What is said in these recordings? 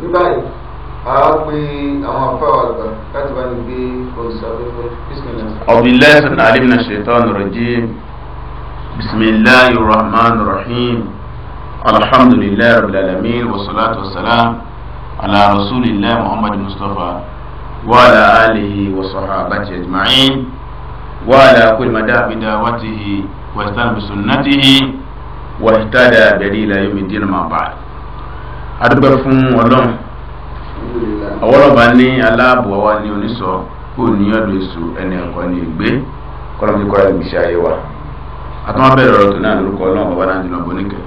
ní báyìí àá pé àwọn afáwà àgbà láti bá ní gbé olùsàfẹ́fẹ́ bísímìlá. ọ̀bìnlẹ̀ sọ̀nà àlìmínà ṣètò ọ̀nàrọ̀jì bisimilahi rahman rahim alhamdulilayi rabbil alamin wasalaatu wasalaam ala rasulillah muhammad mustapha wàhálà alihi wasahabati ajma'in wàhálà kulimada bidawatihi wasalaamu sunnatihi wahitada dalila yomi diinu ma baali adúgbò fún ọlọ́run ọwọ́lọ́ba ní aláàbò wa ní oníṣọ́ kó níyànjú èso ẹni ẹ̀kọ́ ní ìgbé kọ́lọ́mù kọ́ra ìgbésí ayé wa àtúnwá bẹ̀rẹ̀ ọ̀rọ̀ tó náà lórúkọ ọlọ́run ọba náà jùlọ boníkẹ́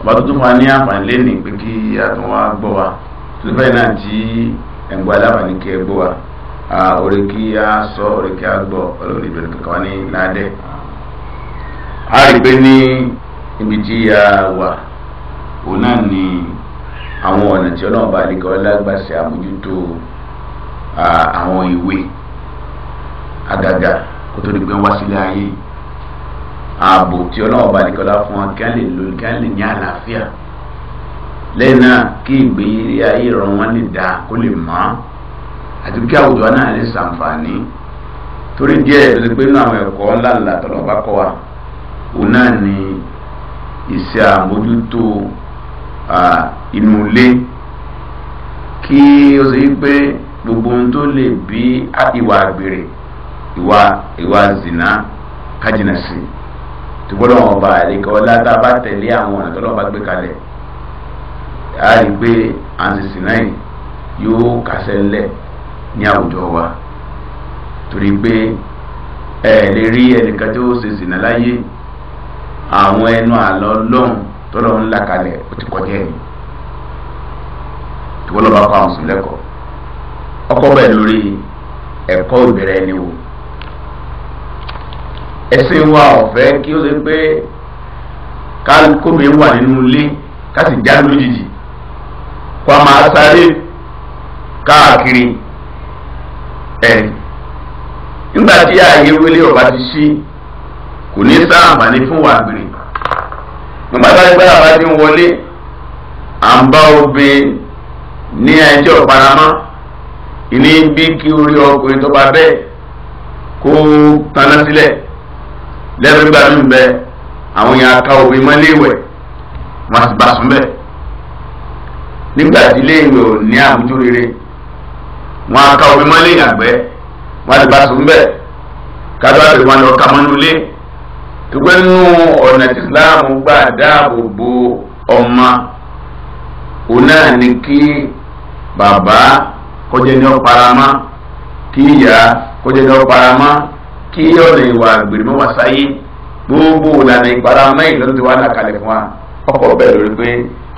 ọba tó wa ní àǹfààní lẹ́nìí pé kí àtúnwá gbọ́ wa tó bẹ́ẹ̀ náà tí ẹ̀gbọ́ alábàáni kí ẹ gbọ́ wa orí kí a sọ orí kí a gbọ́ ọlọ́run ìbẹ̀rẹ̀ kankan wa ní ládẹ́ a rí pé ní ibi tí a wà òun náà ní àwọn ọ̀nà tí ọlọ́run bá lè kọ́ lágbàṣe àmójútó àwọn ìwé àgàgà kó tó di pé wá sílé ayé ààbò tí ọlọ́run bá lè kọ́ lá fún wa kí á lè lò kí á lè ní àlàáfíà lẹ́yìn náà kí ìgbéyìí ayé ìrọ̀rùn wọn lè dáa kó lè mọ́ àti kí àwùjọ náà lè ṣàǹfààní torí díẹ̀ ló pé inú àwọn ẹ̀kọ́ ńláńlá tọ̀lọ̀ bá kọ́ wa òun náà ni ìṣe àmójútó inú ilé kí ó ṣe pé gbogbo ohun tó lè bí ìwà àgbèrè ìwà ìwà zina kájìnà sí tó gbọ́dọ̀ wọn bá àlekọ́ ládàá bá tẹ̀lé àwọn ọ̀nà tó lọ́wọ́ bá gbé kalẹ̀ a rí i pé àǹsìsì náà yóò kásẹ̀ ńlẹ̀ ní àwùjọ wa torí pé ẹ lè rí ẹnìkan tó ṣe zina láyé àwọn ẹnu àlọ́ lọ́hùn tọ́lọ́ ńlá kalẹ̀ ó ti kọjá ẹ̀yìn tí wọ́n lọ́ bá kọ́ àwọn sùn lẹ́kọ̀ọ́ ọkọ̀ bẹ́ẹ̀ lórí ẹ̀kọ́ ìbẹ̀rẹ̀ ẹni wò ẹ̀sìn wa ọ̀fẹ́ kí ó ṣe pé kómi wà nínú ilé ká sì já lójijì kó a máa sáré káàkiri ọba ti ṣí kò nígbà tá a gbé àbá ti ń wọlé à ń bá obìnrin ní ẹjọ́ ìparamọ́ ìní bí kí orí ọkùnrin tó bá bẹ́ẹ̀ kó taná sílẹ̀ lẹ́nu gbà mí bẹ àwọn yẹn aka obìnrin mọ́ léèwẹ̀ wọ́n sì bá sùn bẹ́ẹ̀ nígbà tí léèwẹ̀ ò ní àmójú rere wọ́n aka obìnrin mọ́ léèyàn àgbẹ̀ wọ́n sì bá sùn bẹ́ẹ̀ kájọ́ àgbẹ̀ wọn lọ kà mọ́nú léè tùgbẹ́ nínú ọ̀nà ìsìláàmù gbà dáàbò bo ọmọ òun náà ni kí bàbá kọjá ní ọ̀parama kí ìyá kọjá ní ọ̀parama kí ọ̀nà ìwà àgbèrèmọ́ wá sáyé gbogbo ìlànà ìparama ìlọ́dún ti wá dàkalẹ̀ fún wa ọkọ̀ bẹ́ẹ̀ lórí pé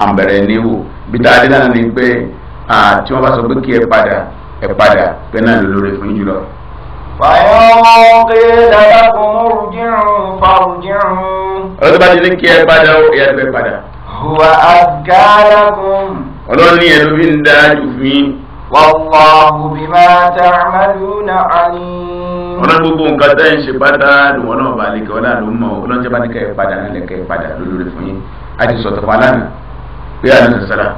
àǹbẹ̀rẹ̀ ni wò bí dáadé náà ni pé tí wọ́n bá sọ pé kí ẹ padà ẹ padà pé náà lórí fún yín jùlọ. فإن قيل لكم ارجعوا فارجعوا ọlọ́dún bá ti ní kí ẹ padà ó ẹ̀yà tó ẹ padà. wà á ká lágùn. ọlọ́run ní ẹ̀rú fi ń da jù fún yín. wallahu bima gbogbo nǹkan tẹ́ ń ṣe pátá lùwọ́n náà bá lè kẹ́ ọlá ló ń mọ̀ ọlọ́run tí a bá ní a ti sọ̀tọ̀ fún alámì pé àná sàrà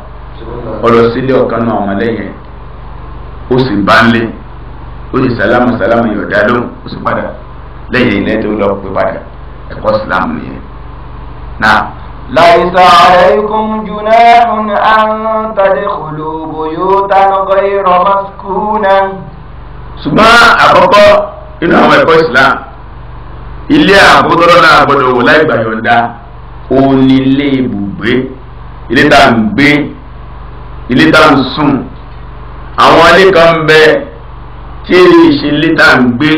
ọlọ́sílẹ̀ ọ̀kan náà ọmọlẹ́yìn ó sì bá ń lé ó lè sálámù sálámù yóò dá lóhùn ó sì padà lẹ́yìn ilẹ̀ tó lọ pé padà ẹ̀kọ́ sílámù nìyẹn. náà. ليس عليكم جناح أن تدخلوا بيوتا غير مسكونة ṣùgbọ́n àkọ́kọ́ inú àwọn ẹ̀kọ́ Islam ilé àkọ́kọ́ náà gbọ́dọ̀ wò láì gbàyọ̀ǹda òun ibùgbé ilé tá à ń gbé ilé tá à ń sùn àwọn ilé kan bẹ́ẹ̀ tí èyí ṣe létà ń gbé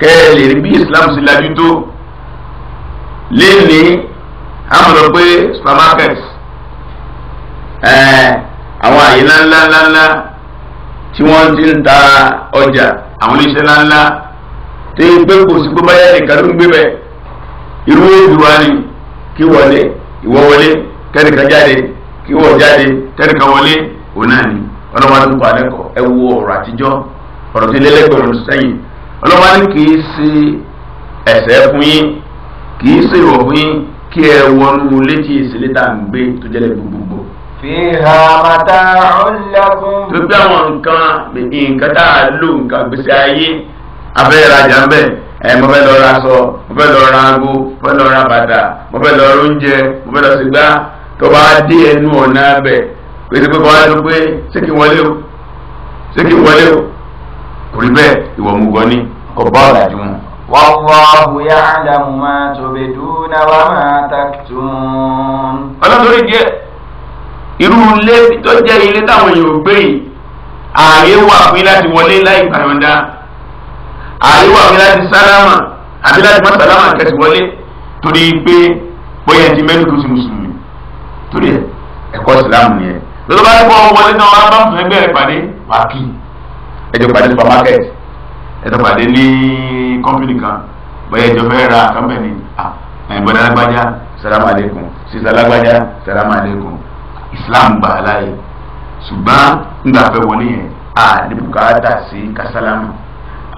kẹ ẹ lè rí bí Islam ṣe lajú tó léèlé àmọ́ lọ pé supermarket àwọn àyè ńláńláńláńlá tí wọ́n ti ń ta ọjà àwọn iléeṣẹ́ ńláńlá tí pé kò sí pé báyà nìkan ló ń gbé bẹ́ẹ̀ irú èdè wa ni kí wọlé ìwọ wọlé kẹ́nìkan jáde kí wọ́n jáde kẹ́nìkan wọlé òun náà ni ọlọ́wọ́n á ní kó alẹ́ kọ́ ẹ wo ọ̀rọ̀ àtijọ́ ọ̀rọ̀ tí lélẹ́gbẹ̀rún sẹ́yìn ọlọ́wọ́n á ní kì í ṣe ẹ̀sẹ̀ fún yín kì í ṣe ìwọ̀ fún yín kí ẹ wọnú létí ìṣẹ̀lẹ̀ tá à ń gbé tó jẹ́lẹ̀ gbogbogbò. fiha mata'un lakum. tó gbé àwọn nǹkan nǹkan tá a lò nǹkan gbèsè ayé abẹ́rẹ́ rajà ń bẹ̀ ẹ mo fẹ́ lọ ra aṣọ mo fẹ́ lọ ra aago mo fẹ́ lọ ra bàtà mo fẹ́ lọ ra oúnjẹ mo fẹ́ lọ sí gbá tó bá dé ẹnu ọ̀nà abẹ́ pèsè pé kọ́lá ló pé ṣé kí wọlé o ṣé kí wọlé o kò rí bẹ́ẹ̀ ìwọ mú gan ni kò bá ọ̀rọ̀ àjùmọ̀. wallahu ya'lamu ma tubduna wa ma taktumun. ọlọ́dúnrún jẹ́ irú ilé tó jẹ́ ilé táwọn èèyàn gbé yìí ààyè wà fún yín láti wọlé láì gbàyọ̀ǹda ààyè wà fún yín láti sálámà àbí láti má sálámà kẹsì wọlé torí pé bóyá ti mẹ́rin tó ti mùsùlùmí torí ẹ̀kọ́ ìsìlámù nìyẹn lọ́dọ̀ bá yẹ kó wọlé náà wọn bá fún ẹgbẹ́ rẹ̀ pàdé wàá kí ẹjọ́ pàdé ní supermarket ẹjọ́ pàdé ní company kan bóyá ẹjọ́ fẹ́ ra company ẹ̀bọ̀dá lágbájá salamu aleykum sísá lágbájá salamu aleykum Islam gbà láàyè ṣùgbọ́n nígbà fẹ́ wọlé yẹn a ní bùkátà sí kásálámù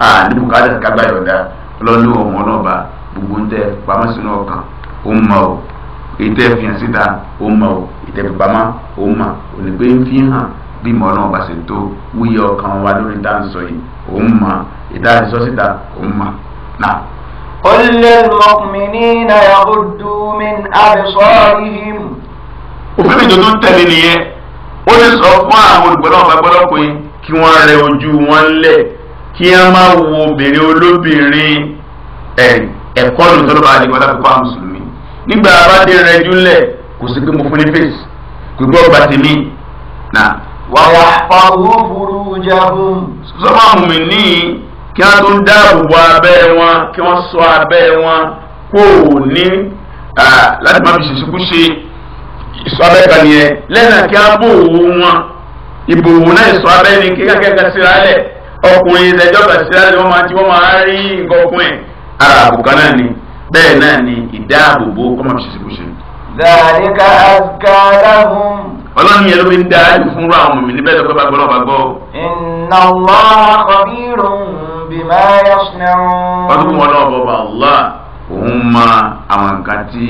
a ní bùkátà sí kágbáyọ̀dá ọlọ́lú ọmọ ọlọ́ba gbogbo ń tẹ pamọ́ sínú ọkàn ó ń mọ ọ́ ètò ẹ̀fìn síta ó mọ̀ ọ́ ìtẹ̀bùpamọ́ ó mọ̀ ònígbé fi hàn bi mọ̀ náà bá to tó wúyẹ wa lórí tá à ń sọ ma ó mọ̀ ìta àṣìṣọ́ ma ó o قل للمؤمنين من أبصارهم fún àwọn olùgbọ́dọ̀ ọ̀gbàgbọ́dọ̀ pé kí wọ́n rẹ ojú wọn lẹ̀ kí wọ́n máa nígbà abáde rẹ júlẹ̀ kò sí pé mo fún ní fèsì kò gbọ́ ọgbà tèmi nà. wàhálà pàwọ́ burú jagun. sọ́mọ́ àmùmí ní kí wọ́n tún dáàbò bo abẹ́ wọn kí wọ́n ṣọ́ abẹ́ wọn kó o ní láti má fi ṣèṣubú ṣe ìṣọ́ abẹ́ kan nìyẹn lẹ́nà kí wọ́n bò owó wọn ìbò òwò náà ìṣọ́ abẹ́ ni kí kẹ́kẹ́ síra lẹ̀ ọkùnrin ìdẹ́jọ́ kan síra lẹ̀ wọ́n máa ti wọ́n máa rí nǹkan ọkùnrin ara àbùkán náà ni bẹ́ẹ̀ náà ni ìdáàbòbò kọ́mọ̀ṣẹ́ṣẹ́ṣe. dhalika azka lahum. ọlọ́run yẹn ló fi ń da ayé fún ra àwọn mìíràn bẹ́ẹ̀ lọ́pẹ́ bá gbọ́ lọ́pàá gbọ́. inna Allaha khabirun bima yasna'un. wọ́n tún kún wọn náà bọ̀ bá Allah òun mọ àwọn nǹkan tí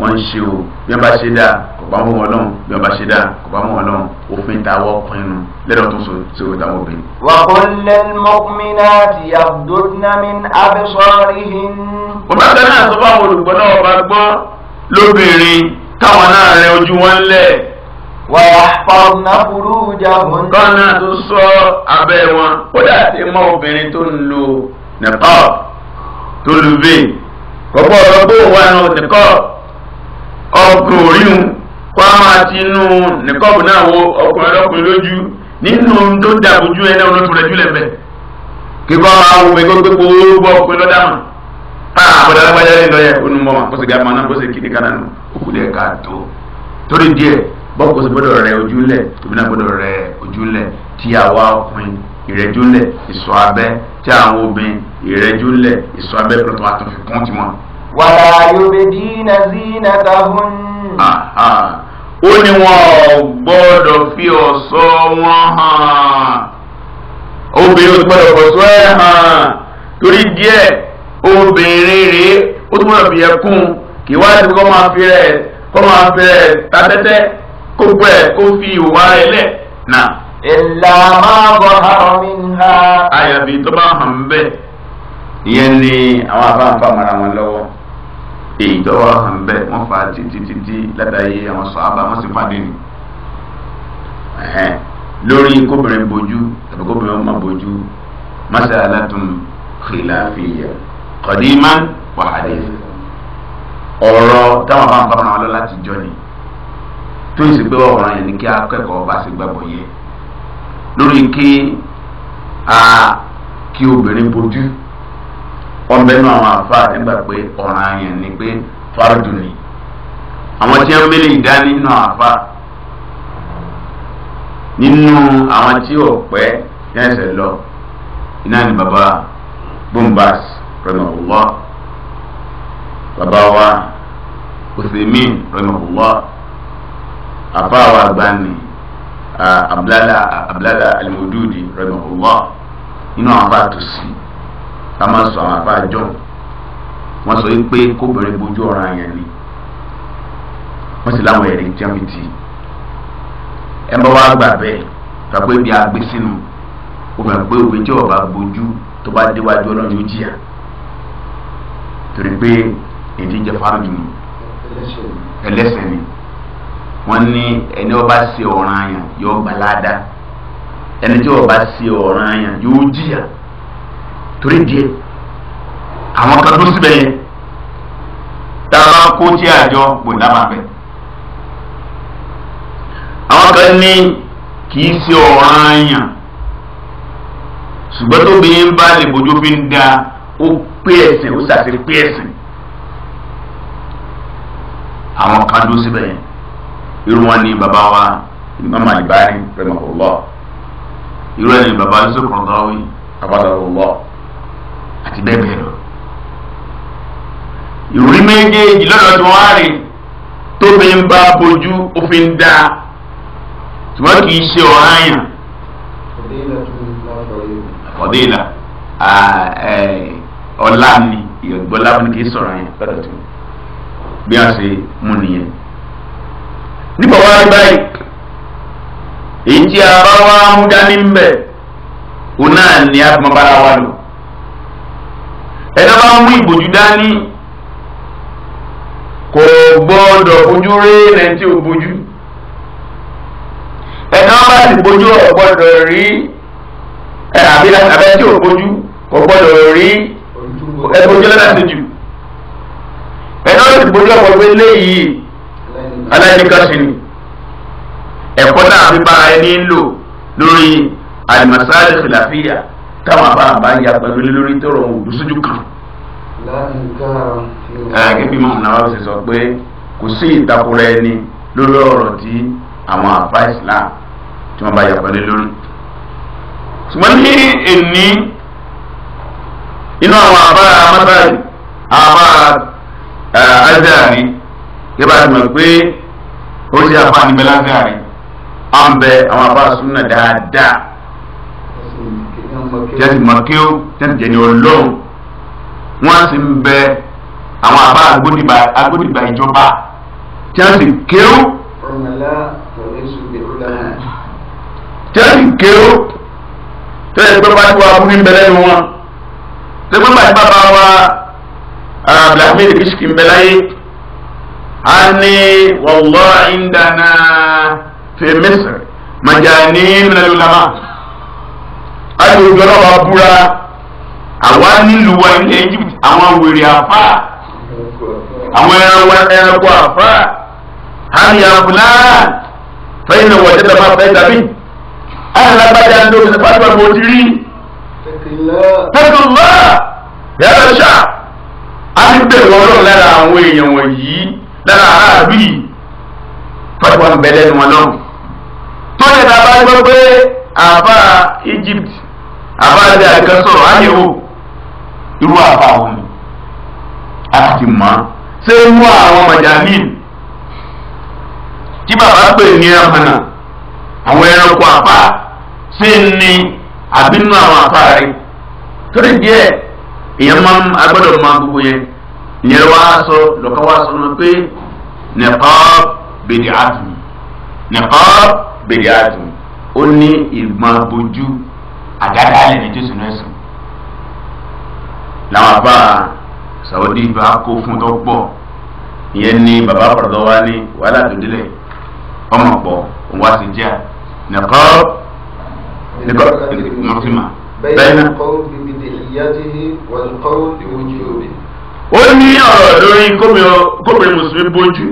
wọ́n ń ṣe o bí wọ́n bá ṣe dáa kò bá mú wọn lọ́hùn bí wọ́n bá ṣe dáa kò bá mú wọn lọ́hùn òfin táwọ́ pinnu lẹ́dọ̀ tó so tí o táwọn obìnrin. wa kullal mu'minati yaghdudna min absarihin. wọ́n bá tẹ́lẹ̀ náà sọ fún àwọn olùgbọ́ náà ọba gbọ́ lóbìnrin káwọn náà rẹ ojú wọn lẹ̀. wa yahfazna furujahun. kọ́nà tó sọ abẹ́ wọn ó dà ọkùnrin òríhun kwa a ti náà wo ọkùnrin ọlọ́kùnrin lójú nínú tó dàbójú ẹ náà lóṣù rẹ̀ jùlẹ̀ kíkọ́ máa wo mi gbogbo ọkùnrin lọ́dà alágbájá lè ga kíni òkú ká tó torí díẹ̀ gbọ́dọ̀ rẹ ojúlẹ̀ rẹ ojúlẹ̀ tí àwa ọkùnrin ìsọ abẹ́ tí àwọn obìnrin ìsọ abẹ́ pẹ̀lú wàlá yubdina zinatahun. ó ní wọn ò gbọ́dọ̀ fi ọ̀ṣọ́ wọn hàn obìnrin ò gbọ́dọ̀ fọ̀ṣọ́ ẹ̀ hàn torí díẹ̀ obìnrin rèé ó tún gbọ́dọ̀ fi ẹkún kì wá sí kó máa fi rẹ̀ kó máa fi rẹ̀ tatẹ́tẹ́ kó pẹ̀ kó fi ìwà rẹ̀ lẹ̀ náà. ìlà máa bọ̀ hàn mí ha. àyàfi tó bá hàn bẹ́ẹ̀ ìyẹn ni àwọn afáǹfà mara wọn lọ́wọ́ èyí tó wà kàn bẹ́ẹ̀ wọ́n fa títí títí látàyè àwọn sọ̀hábà wọ́n sì fàdé ni lórí kóbìnrin bojú tàbí kóbìnrin ọmọ bojú mas'alatun khilafiyya qadiman wa hadithan ọ̀rọ̀ táwọn bá ń bá wọn lọ láti jọ ni tó ń sì pé ọ̀ràn yẹn ni kí akẹ́kọ̀ọ́ bá ṣe gbàgbọ́ yẹ lórí kí a kí obìnrin bojú wọn bẹ nù àwọn àfa nígbà pé ọ̀ràn yẹn ni pé fardu ni àwọn tí wọn mẹlẹ ìdání nù àfa nínú àwọn tí ò pẹ́ ẹsẹ̀ lọ iná ni baba bombas rahimahullah baba wa Uthaymin rahimahullah afa wa gbani abdulala ah, abdulala alimududi rahimahullah nínú àwọn tó sí ká máa sọ àwọn àbájọ wọ́n sọ wípé kóbìnrin bójú ọ̀rọ̀ àyàn ni wọ́n sì láwọn ẹ̀rí jẹ́mìtì ẹ bá wá gbà bẹ́ẹ̀ gbàgbé bí a gbé sínú òmìnira pé òwe tí ọba bójú tó bá déwájú ọlọ́run yóò jìyà torí pé èdè jẹ fáàmì ni ni wọ́n ní ẹni ọba ṣe ọ̀ràn àyàn yóò gbà ládàá ẹni tí ọba ṣe ọ̀ràn àyàn yóò jìyà torí díẹ̀ àwọn kan tó síbẹ̀ yẹn tá a bá kó tí àjọ bòdà máa bẹ̀. àwọn kan ní kì í ṣe ọ̀ranyàn ṣùgbọ́n tó bí yín bá lè bójú fi ń da ó pé ẹ̀sìn ó ṣàṣírí pé ẹ̀sìn àwọn kan dúró síbẹ̀ yẹn irú wọn ni bàbá wa Imam Al-Albani rahimahullah irú ẹni bàbá Yusuf Qaradawi abadallah àti bẹ́ẹ̀ bẹ́ẹ̀ lọ. ìròyìn méjèèjì lọ́dọ̀ tí wọ́n á rè tóbi ń bá bojú òfin dá ṣùgbọ́n kì í ṣe ọ̀hányà. ọ̀dẹ́là ọ̀la ni ìgbọ́lá ni kì í sọ̀rọ̀ yẹn lọ́dọ̀ tí bí a ṣe mú nìyẹn. nípa wá báyìí èyí tí a bá wá mú dání ń bẹ̀ òun náà ni a fi mọ bára wa lò ẹ̀dá bá mú ìbòjú dání kò gbọ́dọ̀ fojú rí ẹni tí ò bójú ẹ̀dá bá sì bójú ò gbọ́dọ̀ rí àbẹ́ tí ò bójú kò gbọ́dọ̀ rí ẹ̀bójú lọ́dà sí jù ẹ̀dá bá sì bójú ọ̀pọ̀ pé léyìí aláìníkàṣe ni ẹ̀kọ́ náà fi bá ẹni ń lò lórí àlùmọ̀sáàlì kìláfíà táwọn abáàbá ń ya pẹ̀lú lórí tọrọ òdù sójú kan. gẹ́gẹ́ mọ̀ náà wọ́n sì sọ pé kò sí ìtakùrọ̀ ẹni lórí ọ̀rọ̀ tí àwọn àfa Islam tí wọ́n bá ya pẹ̀lú lórí. ṣùgbọ́n ní èní inú àwọn àbá amásáàlì àbá azáàrí yẹ́bà ti mọ̀ pé ó ṣe àfa nígbẹ́lá azáàrí àwọn àbá súnà dáadáa tẹ́tì mọ́kíó tẹ́tì jẹ̀ni olóhùn wọ́n sì ń bẹ àwọn àbá agbódìbà ìjọba tẹ́tì kéwù tẹ́tì kéwù tẹ́tì pé wájú wa fún ìbẹ̀rẹ̀ ni wọn tẹ́tì pé bàbá wa abdulhamid bishki ń bẹ láyé a ní wàllọ́ ìdáná fi Misr majani min al ní ojú búra àwa nílùú wa ní Egypt àwọn wèrè àfà àwọn ẹranko àfà hàní àfúlá fẹ́yìn náà wọ̀jẹ́ tàbá fẹ́ tàbí alágbájá ń lóbi nípa nípa mo ti rí tẹkùnlá a ti bẹ̀rù ọlọ́run lára àwọn èèyàn wọ̀nyí lára àárí fẹ́ẹ́ wọn bẹ̀rẹ̀ wọn lọ́rùn tó yẹ ká bá gbọ́ pé àbá àbájáde àìkan sọ̀rọ̀ irú àbá wọn ni a ti mọ̀ ọ́ ṣé irú àwọn mọ̀jàmíìn tí bàbá pè ní ẹ̀hánà àwọn ẹranko àbá ṣé ní àbínú àwọn àbá rẹ̀ torí díẹ̀ èèyàn máa ń agbọ́dọ̀ máa gbogbo yẹn ìyẹn wá sọ lọ́kọ́ wá sọ ọ́nà pé nìkọ́ bèdè àtùn nìkọ́ bèdè àtùn ó ní ìmọ̀ bojú àdáda alẹ́ ní jésù náà sùn làwọn àbá sàwọ́dí bá kó fún tó pọ̀ ìyẹn ní bàbá pàrọ̀dọ̀ wa ní wàhálà tó délẹ̀ ọmọ pọ̀ òun wá sí jẹ́ nìkọ́ nìkọ́ mọ̀tìmá bẹ́ẹ̀ náà. ó ní ọ̀rọ̀ lórí kóbìnrin mùsùlùmí bójú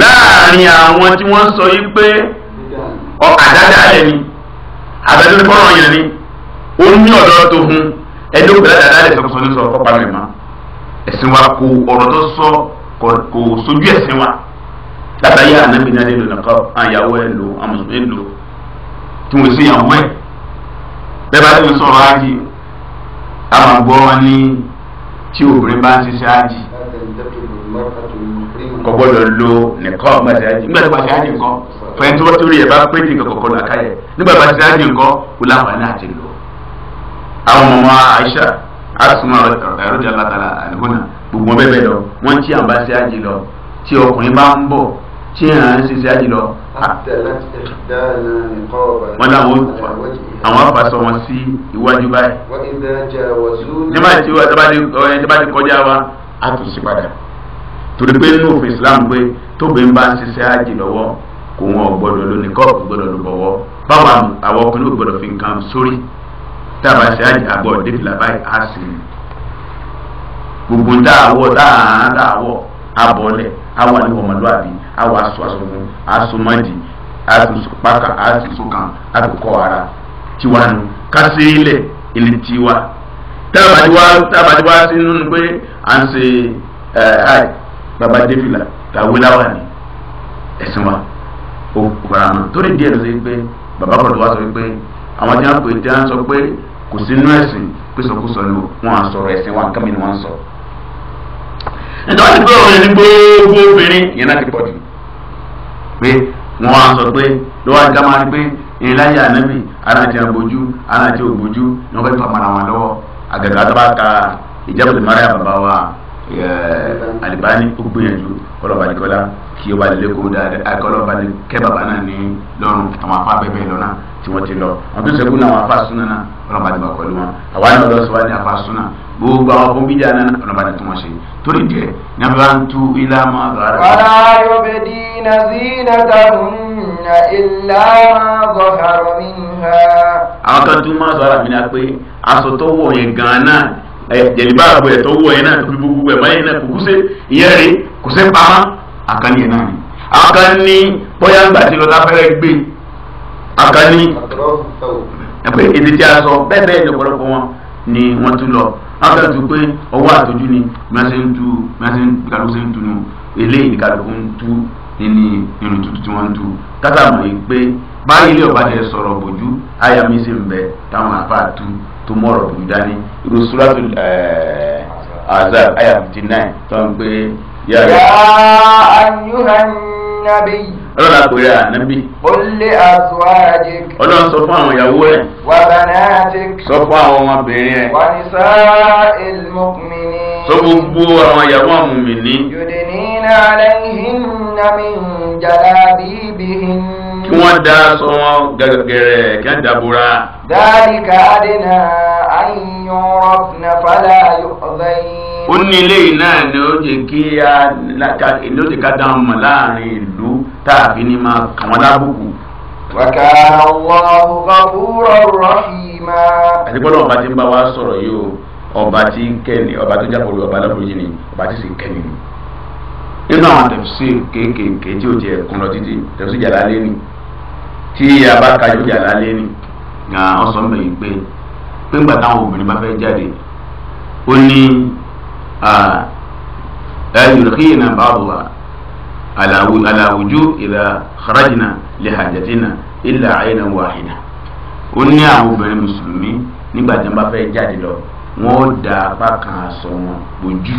láàrin àwọn tí wọ́n sọ yí pé àdáda alẹ́ ni àbẹ̀tò ní kọ́rọ̀ yẹn ni ó ní ọ̀dọ́ tó hun ẹni ó gbẹ̀dá dáadáa lè sọ̀kọ̀ sọ̀rọ̀ kọ́ pàmì mọ́ ẹ̀sìn wa kò ọ̀rọ̀ tó sọ kò sojú ẹ̀sìn wa látàyé ànábì náà nílò nàkọ́ àyàwó ẹ̀ lò àmùsùn ẹ̀ lò tí wọ́n sì yàwó ẹ̀ bẹ́ẹ̀ bá ti sọ̀rọ̀ ájì àwọn àgbọ̀ wọn ní tí obìnrin bá ń ṣiṣẹ́ ájì kò gbọ́dọ̀ lo nìkọ́ fẹ́ntì wọ́n torí ẹ̀ bá pé tí nǹkan kọ̀ọ̀kan làkà yẹ nígbà bá ti dájú nǹkan kó láǹfààní àti lò. àwọn ọmọ Aisha asuma ẹrọjà látara àlùmọ́nà gbogbo wọn bẹ́ẹ̀ lọ wọ́n tí àwọn bá ti dájú lọ tí ọkùnrin bá ń bọ̀ tí à ń ṣe dájú lọ. wọ́n láwọn olùkọ́ àwọn afasọ wọn sí iwájú báyìí. nígbà tí wọ́n bá ti kọjá wa a tún sí padà torí pé nínú òfin Islam pé tóbi ń bá ń ṣiṣẹ́ àjì lọ́wọ́ kò wọn gbọ́dọ̀ lónìí kọọpù gbọ́dọ̀ ló bọwọ báwa àwọn ọkùnrin ò gbọ́dọ̀ fi nǹkan sórí tábà ṣe àgbọ dèbìlà báyìí á sì ní gbogbo dáàwọ dáàán dáàwọ abọlẹ awa ni ọmọlúwàbí asụsụ aṣọ aṣọgun aṣọmọdì aṣọpákà ara tiwanu kásílẹ ilé tiwa tábàdíwá tábàdíwá sí nínú pé à ń ṣe ẹ ẹ baba dèbìlà tàwé láwà ní ẹsìn ó gbára mu torí díẹ̀ ló ṣe pé bàbá bọ̀dọ̀ wá sọ pé àwọn tí wọ́n tí wọ́n sọ pé kò sí inú ẹ̀sìn ni wọ́n á sọ̀rọ̀ ẹ̀sìn wọn kàmí ni wọ́n sọ. nítorí pé òun gbogbo obìnrin yẹn náà ti pọ̀ jù pé wọ́n á sọ pé lọ́wọ́ ajá máa ń kí ó bá lè lékòó dáadáa akọ́lọ́ bá lè kẹ́ bàbá náà ní lọ́rùn àwọn afá bẹ́ẹ̀ bẹ́ẹ̀ lọ́nà tí wọ́n ti lọ àwọn tó ṣẹ́gun náà àwọn afá súnà náà ọlọ́mọ àti bàbá pẹ̀lú wọn àwa náà lọ síwájú afá súnà gbogbo àwọn fún bíjà náà ọlọ́mọ àti tí wọ́n ṣe torí díẹ̀ ní abúlá ń tú ilá máa bá rẹ̀. wàlá yóòbẹ̀ dí nàzínà kàrúnà ilá máa bọ̀ àrùn mi ha. àwọn kan tún máa sọ ara mi náà pé aṣọ tó wọ̀ yẹn gan-an jẹ̀líbá àbọ̀ ẹ̀ tó náà tó fi gbogbo ẹ̀ máa náà kò kúṣe ìyẹn rè kò sí pamọ́ àkànní ẹ̀ náà ni àwọn kan ní bóyá ń gbà tí lọ́la fẹ́rẹ́ gbé àkàn ní ẹ̀pẹ́ tí a sọ bẹ́ẹ̀ bẹ́ẹ̀ lọ́pọ̀lọpọ̀ wọn ni wọ́n tún lọ wọ́n fẹ́ tu pé ọwọ́ àtọ́jú ni mẹ́sẹ̀ ń tu mẹ́sẹ̀ ń kàlùkù sẹ́ ń tu nu eléyìí ni kàlùkù ń tu ní irun tuntun tí wọ́n ń tu kátà mọ̀ yìí pé báyìí ilé ọba tẹ sọ̀rọ̀ bòjú àyà mi sì ń bẹ táwọn àpá tu tó mọ̀ ọ̀rọ̀ bòjú dání irú sùràtù àzá eh, àyà fifty nine tó ń pé yá ayúhà nàbí. ọlọ́run àpèrè ànábì. olè àtúwájì. ọlọ́run sọ fún àwọn ìyàwó ẹ̀. wà bànáàtì. sọ fún àwọn ọmọbìnrin ẹ̀. wà ní sáà ìlmùmìnì. sọ gbogbo àwọn ìyàwó àmùmìnì. yudinina alayhinna min jalabibihinna kí wọ́n da aṣọ wọn gẹ̀rẹ̀ kí wọ́n dabura. dáàdì káàdì náà ayọ̀ rọ̀fìnà yóò ọ̀gá ó ní eléyìí náà ni ó jẹ kí a ló jẹ ká dáhùn mọ láàrin ìlú tàbí ní máa kàn wọn lábùkù. wàkà Allahu ghafurur àti gbọ́dọ̀ ọba tí ń wa sọ̀rọ̀ yìí o ọba tí ń kẹ́ni ọba tó jápọ̀ ni ọba tí sì ń kẹ́ni nínú àwọn tẹ̀sí kéékèèké tí ó jẹ kún lọ títí tẹ̀sí jàlá lé ni tí kájú jàlá lé ni ọ̀sán pé pé ayurikina babuwa alawuju ila kharajna lihajatina illa ayna wahida ó ní àwọn obìnrin mùsùlùmí nígbà tí wọ́n bá fẹ́ jáde lọ wọ́n ó da apá kan aṣọ wọn bójú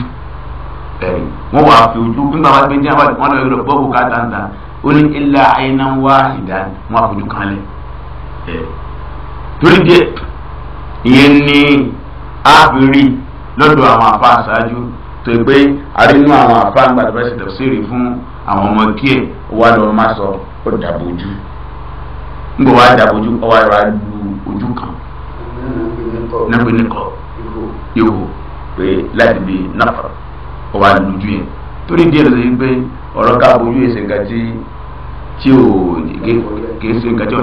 wọ́n wà fi ojú nígbà wọ́n gbé ní àwọn àti wọ́n lọ yọrọ bọ́ọ̀bù ká tàǹtà ó ní illa ayna wahida wọ́n á kan lẹ̀ torí díẹ̀ ìyẹn ni a fi rí i. lọ́dọ̀ àwọn àfa àṣáájú tó e pé arínú àwọn àfa àgbàdàbẹ́ ṣe tẹ̀síìrì fún àwọn ọmọ kí ẹ̀ wà lọ́wọ́ má sọ ó dàbójú ń bọ̀ wá dàbójú ọwọ́ ara lu ojú kan nígbè nìkọ ihò pé láti bí náfà ọwọ́ àlùjú yẹn torí díẹ̀ lọ́sẹ̀ pé ọ̀rọ̀ ká bojú ẹsẹ̀ nǹkan tí tí ò kì í ṣe nǹkan tí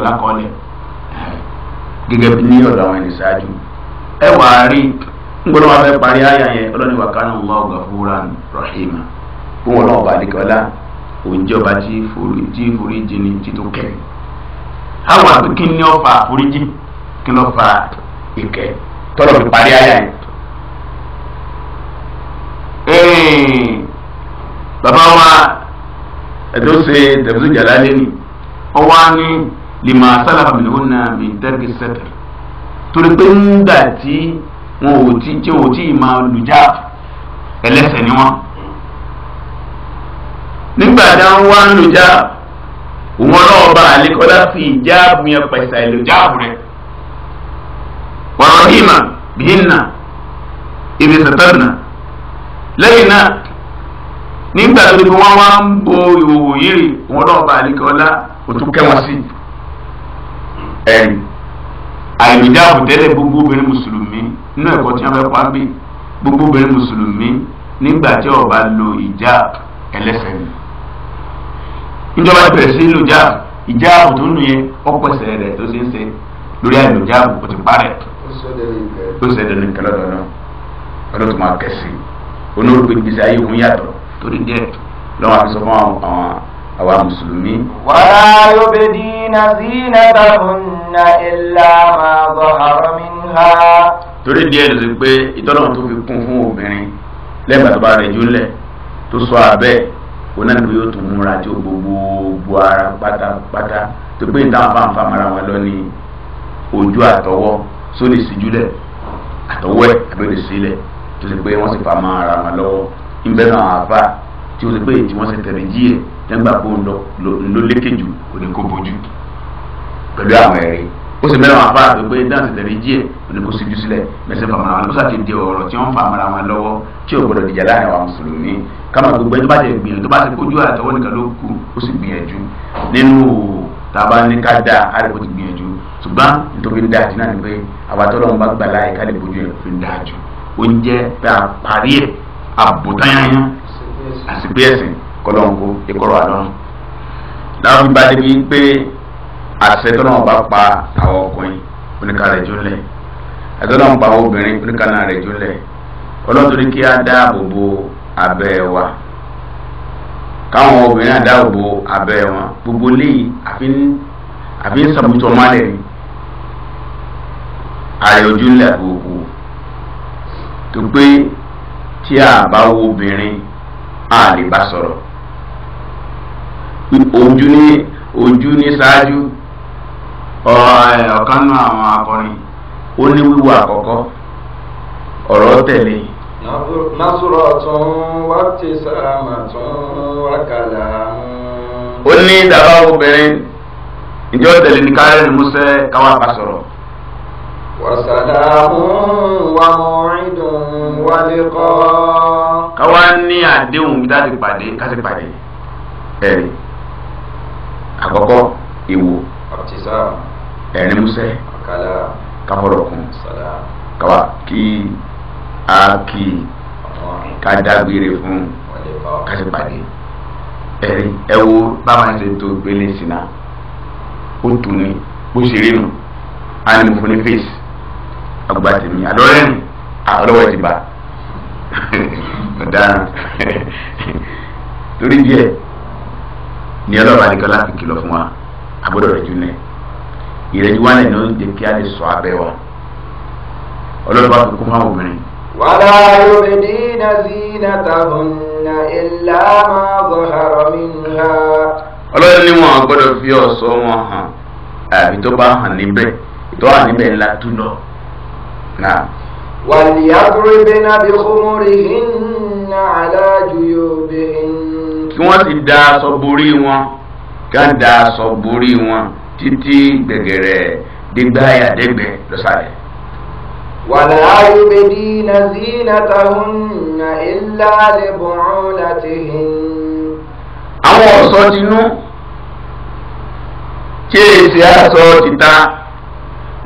ngbọ́dọ̀ wa fẹ́ parí àyà yẹn ọlọ́ni wà kánú wà ọgbà fúra rahima fún wọn ọba adékọlá òǹjọba tí foríjì ni títún kẹ àwọn àgbẹ kí ni ó fa foríjì kí ló fa ìkẹ tọlọ fi parí àyà yẹn. bàbá wa ẹ̀dọ́ ṣe tẹ̀sí jàlá lẹ́nu ọwọ́ á ní lima sálàfàmìlì ó na mi dẹ́rẹ́kì sẹ́tẹ̀ torí pé wọn ò tí tí ò tí ì máa lùjá ẹlẹ́sẹ̀ ni wọ́n. nígbà táwọn wá ń lùjá òun ọlọ́wọ́ bá àlékọ́lá fi ìjáàbù yẹn pẹ̀sà ìlùjáàbù rẹ̀ wọ̀rọ̀ hímà bìínà ibi sàtọ́nà lẹ́yìn náà nígbà tó ní wọ́n wá ń bo ìhòòhò yìí òun ọlọ́wọ́ bá àlékọ́lá òtún kẹwọn sí ẹ̀yìn àìlùjá àbùtẹ́lẹ̀ gbogbo obìnrin mùsùlùmí nínú ẹ̀kọ́ tí wọ́n fẹ́ pa bí gbogbo obìnrin mùsùlùmí nígbà tí ó bá lo ìjà ẹlẹ́sẹ̀ ni. ìjọba ti bẹ̀rẹ̀ sí lùjá ìjà àbùtò nù yẹn ọ̀pẹ̀sẹ̀ rẹ̀ tó ṣe ń ṣe lórí àìlùjá àbùkù ti parẹ́. ó ṣẹ̀dẹ̀ ní kẹlẹ́ lọ́nà ọdún tó máa kẹ́sì onórúkọ ìgbésí ayé òun yàtọ̀ torí díẹ̀ lọ́wọ́ àfisọ́ fún àwọn àwa mùsùlùmí. wàrà yóbe dínà zínà tàbùnà ìlà máa bọ̀ àrọ́ mi ha. torí díẹ̀ ló ti pé ìtọ́nà tó fi kún fún obìnrin lẹ́gbàá tó bá rẹ̀ jólẹ̀ tó sọ abẹ́ onáàdúgbò yóò tún múra tí ó gbogbo ara pátápátá tó pé ìta fáńfà mara wọn lọ ojú àtọwọ́ sólè síjúlẹ̀ àtọwọ́ ẹ̀ àbẹ̀rẹ̀ sílẹ̀ tó ti pé wọ́n sì fa máa ra wọn lọ́wọ́ ń bẹ́ẹ̀ náà àfa tí ó ti pé tí wọ́n sì tẹ̀lé jíyẹ̀ tẹ́gbà kó ló lékè jù òní kó bójú pẹ̀lú àwọn ẹ̀rí ó sì mẹ́rin wọn afárá tó gbé dáǹsì tẹ̀lé díẹ̀ òní kó síjú sílẹ̀ mẹ́sẹ̀ fàmà wọn ló sàti di ọ̀rọ̀ tí wọ́n fà mọ́ra wọn lọ́wọ́ tí ò gbọdọ̀ dìjà láàrin àwọn mùsùlùmí káma gbogbo ẹni tó bá ti gbìyànjú tó bá ti kójú àtọwọ́ nìkan ló kù ó sì gbìyànjú nínú tàbá ní ká dá àrẹ̀kọ́ ti gbìyànjú ṣùgbọ́n nítorí ń dáa jù náà ni pé àbátọ́lọ́run bá gbà láyé ká lè bójú ẹ̀ fi ń dáa jù oúnjẹ tá a parí ẹ̀ àbòtáyáyá àsìgbé ẹ̀sìn kọlọ́ǹgó ìkọrọ̀ àdán láwọn fi bá débi pé àṣẹ tọ́lọ́wọ́n bá pa àwọn ọkùnrin oníkà rẹ̀ jólẹ̀ ẹ̀tọ́lọ́wọ́n pa àwọn obìnrin oníkà náà rẹ̀ jólẹ̀ ọlọ́dún ní kí á dáàbò bo abẹ́ wa káwọn obìnrin àdáàbò bo abẹ́ wọn gbogbo léyìí àfi ń sàbùtọ̀ mọ́lẹ̀ ni ààrẹ ojú ńlẹ̀ gbogbo tó pé tí a bá wo obìnrin a lè bá sọ̀rọ̀. ojú ní ojú ní ṣáájú àwọn akọrin o ní wiwu akọkọ, ọrọ tẹ̀lé. N'asọrọ tún wá ti sàmà tún wá kàlà. ó ní dàbá obìnrin ìjọ tẹ̀lé ní kárẹ́ ní músẹ́ káwá sọ̀rọ̀. wà wálé kọ́. pàdé àkọ́kọ́ èwo ẹ̀rín músẹ́ káfọ́rọ̀ kún káwa kí a kì í ká dágbére fún kásìpàdé ẹ̀rí ẹ wo báwa ṣe tó gbélé sínú ó tún ní bó ṣe rí nù á ní mo fún ní fèsì ọgbà tèmi àlọ́rẹ́ nù àlọ́wọ́ ti bá ọ̀daràn torí díẹ̀ ní ọlọ́ba nìkan láti kìlọ̀ fún wa agbọ́dọ̀ rẹ̀ jù ní ìrẹ́jú wa lẹ́nu ń jẹ́ kí a lè sọ abẹ́ wọn ọlọ́ba fi kún fáwọn yubdina zinatahunna illa ma zahara minha. ọlọ́run ní wọn gbọ́dọ̀ fi ọ̀ṣọ́ wọn hàn àbí tó bá hàn níbẹ̀ tó hàn níbẹ̀ ńlá tún lọ. wàlíyàgbé bẹ́ẹ̀ náà bí kúmúrì hìn náà wọ́n sì da aṣọ borí wọn ká da aṣọ borí wọn títí gbẹ̀gẹ̀rẹ̀ dégbà yàdẹ́gbẹ̀ lọ́sàlẹ̀. ولا يبدين زينتهن إلا لبعولتهن àwọn ọ̀ṣọ́ tinú kí èsì aṣọ títa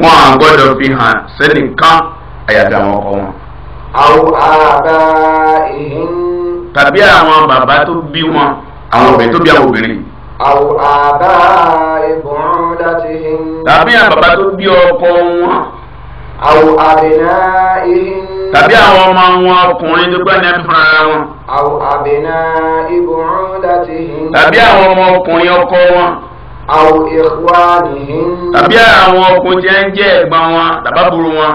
wọn à gbọ́dọ̀ fi hàn sẹ́nìkan àyàtọ̀ àwọn ọkọ wọn. tàbí àwọn bàbá tó bí wọn àwọn obìnrin tó bí àwọn obìnrin. àwọn àbá ìbọn láti hin. tàbí àwọn bàbá tó bí ọkọ wọn. àwọn àbẹ̀nà ìhìn. tàbí àwọn ọmọ wọn ọkùnrin tó gbá ní ẹbí fúnra wọn. àwọn àbẹ̀nà ìbọn láti hin. tàbí àwọn ọmọ ọkùnrin ọkọ wọn àwọn ìkwánìhìn. tàbí àwọn ọkùnrin jẹ́ ń jẹ́ ẹ̀gbọ́n wọn tàbábùrú wọn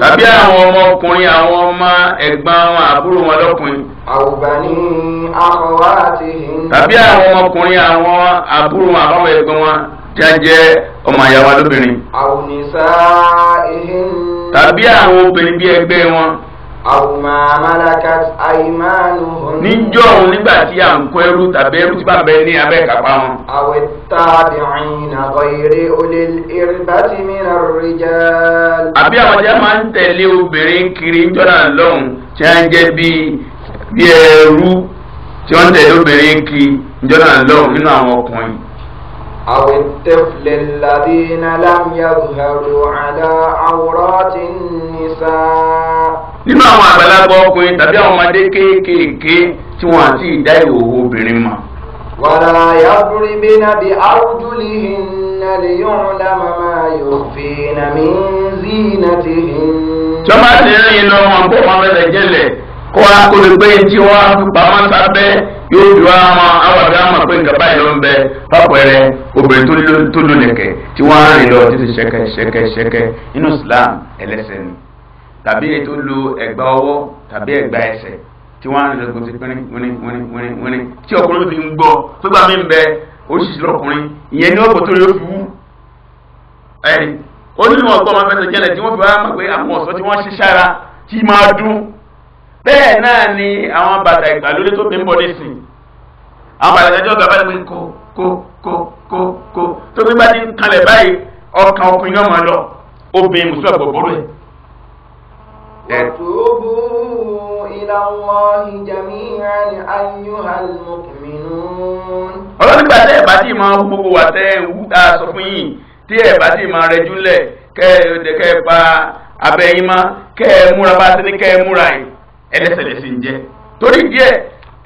tàbí àwọn ọmọkùnrin àwọn ọmọ ẹ̀gbọ́n àwọn àbúrò wọn lọ́kùnrin. tàbí àwọn ọmọkùnrin àwọn àbúrò wọn àbáwọn ẹ̀gbọ́n wọn tí a jẹ́ ọmọ àyàwó lóbìnrin. tàbí àwọn obìnrin bí ẹgbẹ́ wọn. níjọ́ òun nígbà tí à ń kó ẹrú tàbí ẹrú tí bá bẹ ní abẹ́ kápá wọn. àwẹ̀ tabi'ina ghayri ulil irbati minar rijal. àbí àwọn ajá máa ń tẹ̀lé obìnrin kiri jọ́nà lọ́hùn tí wọ́n ń jẹ́ bí ẹrú tí wọ́n ń tẹ̀lé obìnrin kiri jọ́nà lọ́hùn nínú àwọn ọkùnrin. أو الطفل الذين لم يظهروا على عورات النساء nínú àwọn àgbàlagbà ọkùnrin tàbí àwọn ọmọdé kéékèèké tí wọn àti ìdá ìhòòhò obìnrin mọ. wàrà yàtúrí bí nàbí àwùjúlì hinna lè yóò lámà máa yóò fi nàmí zina ti hin. tọ́ba ti ń rìn lọ́wọ́ bó máa fẹsẹ̀ jẹ́lẹ̀ kó a kó lè gbé tí wọ́n á fi pamọ́ sábẹ́ yóò fi wá wọn awàdà àmà pé nǹkan báyìí ló ń bẹ pápẹ́rẹ́ obìnrin tó lónìkẹ̀ tí wọ́n á rìn lọ títí ṣẹkẹ ṣẹkẹ ṣẹkẹ nínú Islam ẹlẹ́sẹ̀ ni tàbí ètò lu ẹ̀gbà ọwọ́ tàbí ẹ̀gbà ẹsẹ̀ tí wọ́n á rìn lọ gbòtí wíníwíníwíníwíní tí ọkùnrin fi ń gbọ́ tó bá mi ń bẹ oríṣiríṣi lọkùnrin ìyẹn ní ọkọ̀ tó yóò fi wú ẹ̀rí ó ní bẹ́ẹ̀ náà ni àwọn bàtà ìgbàlódé tó fi ń bọ̀ nísìn àwọn bàtà ìjọba bàbá ìgbìn kó kó kó kó kó tó fi bá ti ń kalẹ̀ báyìí ọkàn ọkùnrin náà máa lọ obìnrin mùsùlùmí àgbọ̀gbọ̀rọ̀ ẹ̀. Wàtúbù ilà Allahi jami'an ayyuhal mu'minun. Ọlọ́run gbà tẹ́ ẹ̀ bá máa ń gbogbo wà tẹ́ ẹ̀ wú aṣọ fún yìí tí ẹ̀ bá máa rẹjú lẹ̀ kẹ́ ẹ̀ pa abẹ́yìn mọ́ kẹ́ ẹ̀ múra bá ti ní kẹ́ ẹ̀ múra yìí ẹlẹ́sẹ̀lẹ́sẹ̀ ń jẹ́ torí díẹ̀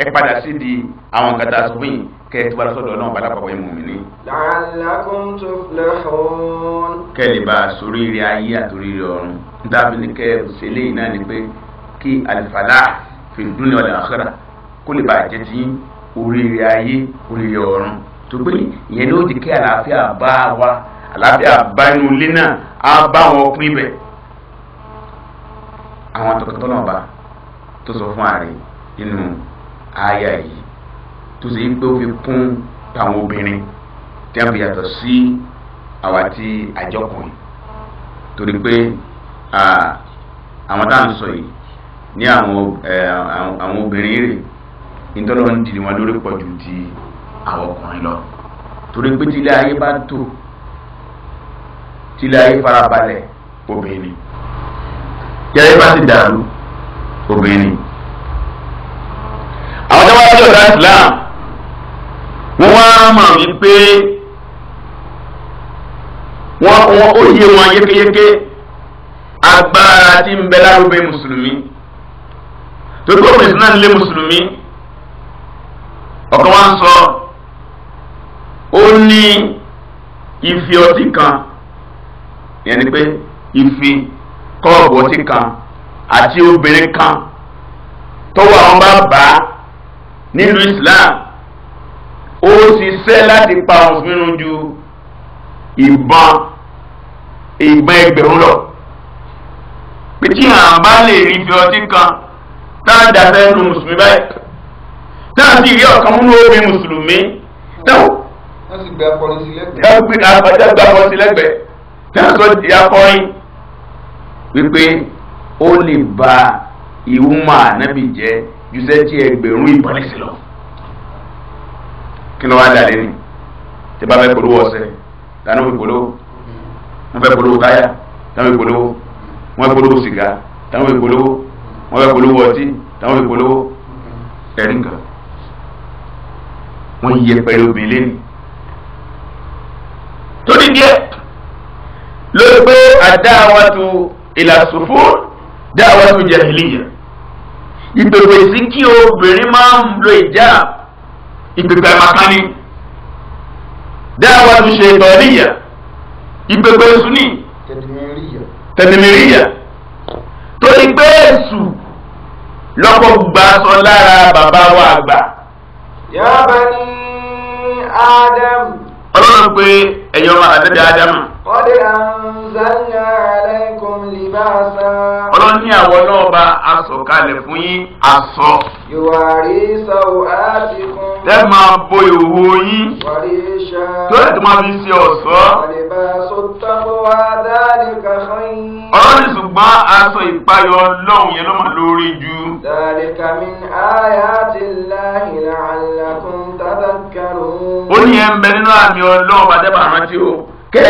ẹ padà sí di àwọn kàtà sùnwìn kẹ́ ẹ tó bá sọ̀dọ̀ náà bá lápapọ̀ ẹ̀mú mi ní. la'allakum tuflihun. kẹ́ lè bá soríire ayé àtòríire ọ̀run dábì ní kẹ́ ẹ ṣe léyìn náà ni pé kí al-falah fi dunya wal akhirah kó lè bá jẹ́ ti oríire ayé oríire ọ̀run tó pé ìyẹn ló ti kẹ́ àlàáfíà bá wa àlàáfíà bá inú ilé náà á bá wọn pín bẹ̀ àwọn tọkọtọ́ náà bá a tó sọ fún ààrẹ nínú àyà yìí tó ṣe pé ó fi kún táwọn obìnrin tí a fi yàtọ̀ sí àwa tí àjọkùnrin torí pé àwọn tá à ń sọ yìí ní àwọn obìnrin rè nítorí wọn dìde wọn lórí pọ̀ ju ti àwọn ọkùnrin lọ torí pé tílé ayé bá tò tílé ayé farabalẹ̀ obìnrin tí bá ti dàrú obìnrin. àwọn tó wá sí ọ̀dà Islam wọ́n wá mọ̀ wípé wọ́n wọ́n ó yé wọn yékéyéké agbára tí ń bẹ lárúbẹ mùsùlùmí torí kó pèsè náà lé mùsùlùmí ọ̀kan wá ń sọ ó ní ife ọtí kan yẹn ni pé ife kọ́ọ̀bù ọtí kan àti obìnrin kan tọ́wọ́ àwọn bàbá nílùú Islam ó ṣiṣẹ́ láti pa àwọn mìíràn ju ìbọn ìbọn ẹgbẹ̀rún lọ pé tí àwọn bá lè rí fi ọtí kan táwọn dàbẹ́ nu mùsùlùmí báyìí táwọn sì rí ọ̀kan múnú omi mùsùlùmí táwọn. wọ́n sì gbé akọrin sí lẹ́gbẹ̀ẹ́. wọ́n gbé akọrin sí lẹ́gbẹ̀ẹ́ táwọn sọ di akọrin wípé ó lè ba ìwúmọ̀ ànábì jẹ́ jùsẹ́ tí ẹgbẹ̀rún ìbọ̀lẹ́sì lọ. kí ló wá dà lẹ́nu tí bá fẹ́ polówó ọ̀sẹ̀ tani wọ́n fi polówó wọ́n fẹ́ polówó táyà tani wọ́n fi polówó wọ́n fẹ́ polówó sìgá tani wọ́n polówó wọ́n fẹ́ polówó ọtí tani wọ́n polówó ẹ̀rí nǹkan wọ́n yẹ pẹ̀lú obìnrin lẹ́nu. tó ní díẹ̀ lórí pé àdáwàtú ìlàsùfún da'watul jahiliya ìpèpè sí kí obìnrin máa ń lo ìjáàb ìpèpè àmàkánì da'watul shaytaniyya ìpèpè sunni tẹ̀dìmíríyà torí pé èsù lọ́pọ̀ gbà sọ lára bàbá wa àgbà. ya bani Adam. ọlọ́run pé ẹ̀yọ́ máa dẹ́bi Ádámù ọlọ́run ní àwọ̀ náà bá aṣọ kalẹ̀ fún yín aṣọ. ìwàrí sọ̀rọ̀ àti fún. tẹ́ máa bo ìhòòhò yín. wàrí ṣá. tó yẹ tó máa fi ṣe ọ̀ṣọ́. ọ̀lẹ́bà sọ̀tàbọ̀ wá dáadé kàkọ́ yín. ọlọ́run ṣùgbọ́n aṣọ ìpayọ̀ ọlọ́run yẹn ló máa lórí jù. dáadé kàmí àyà ti láyé làálàkùn tàbí kàrún. ó ní ẹ̀ ń bẹ nínú àmì ọlọ́run bàtẹ́ bàrántí o kẹ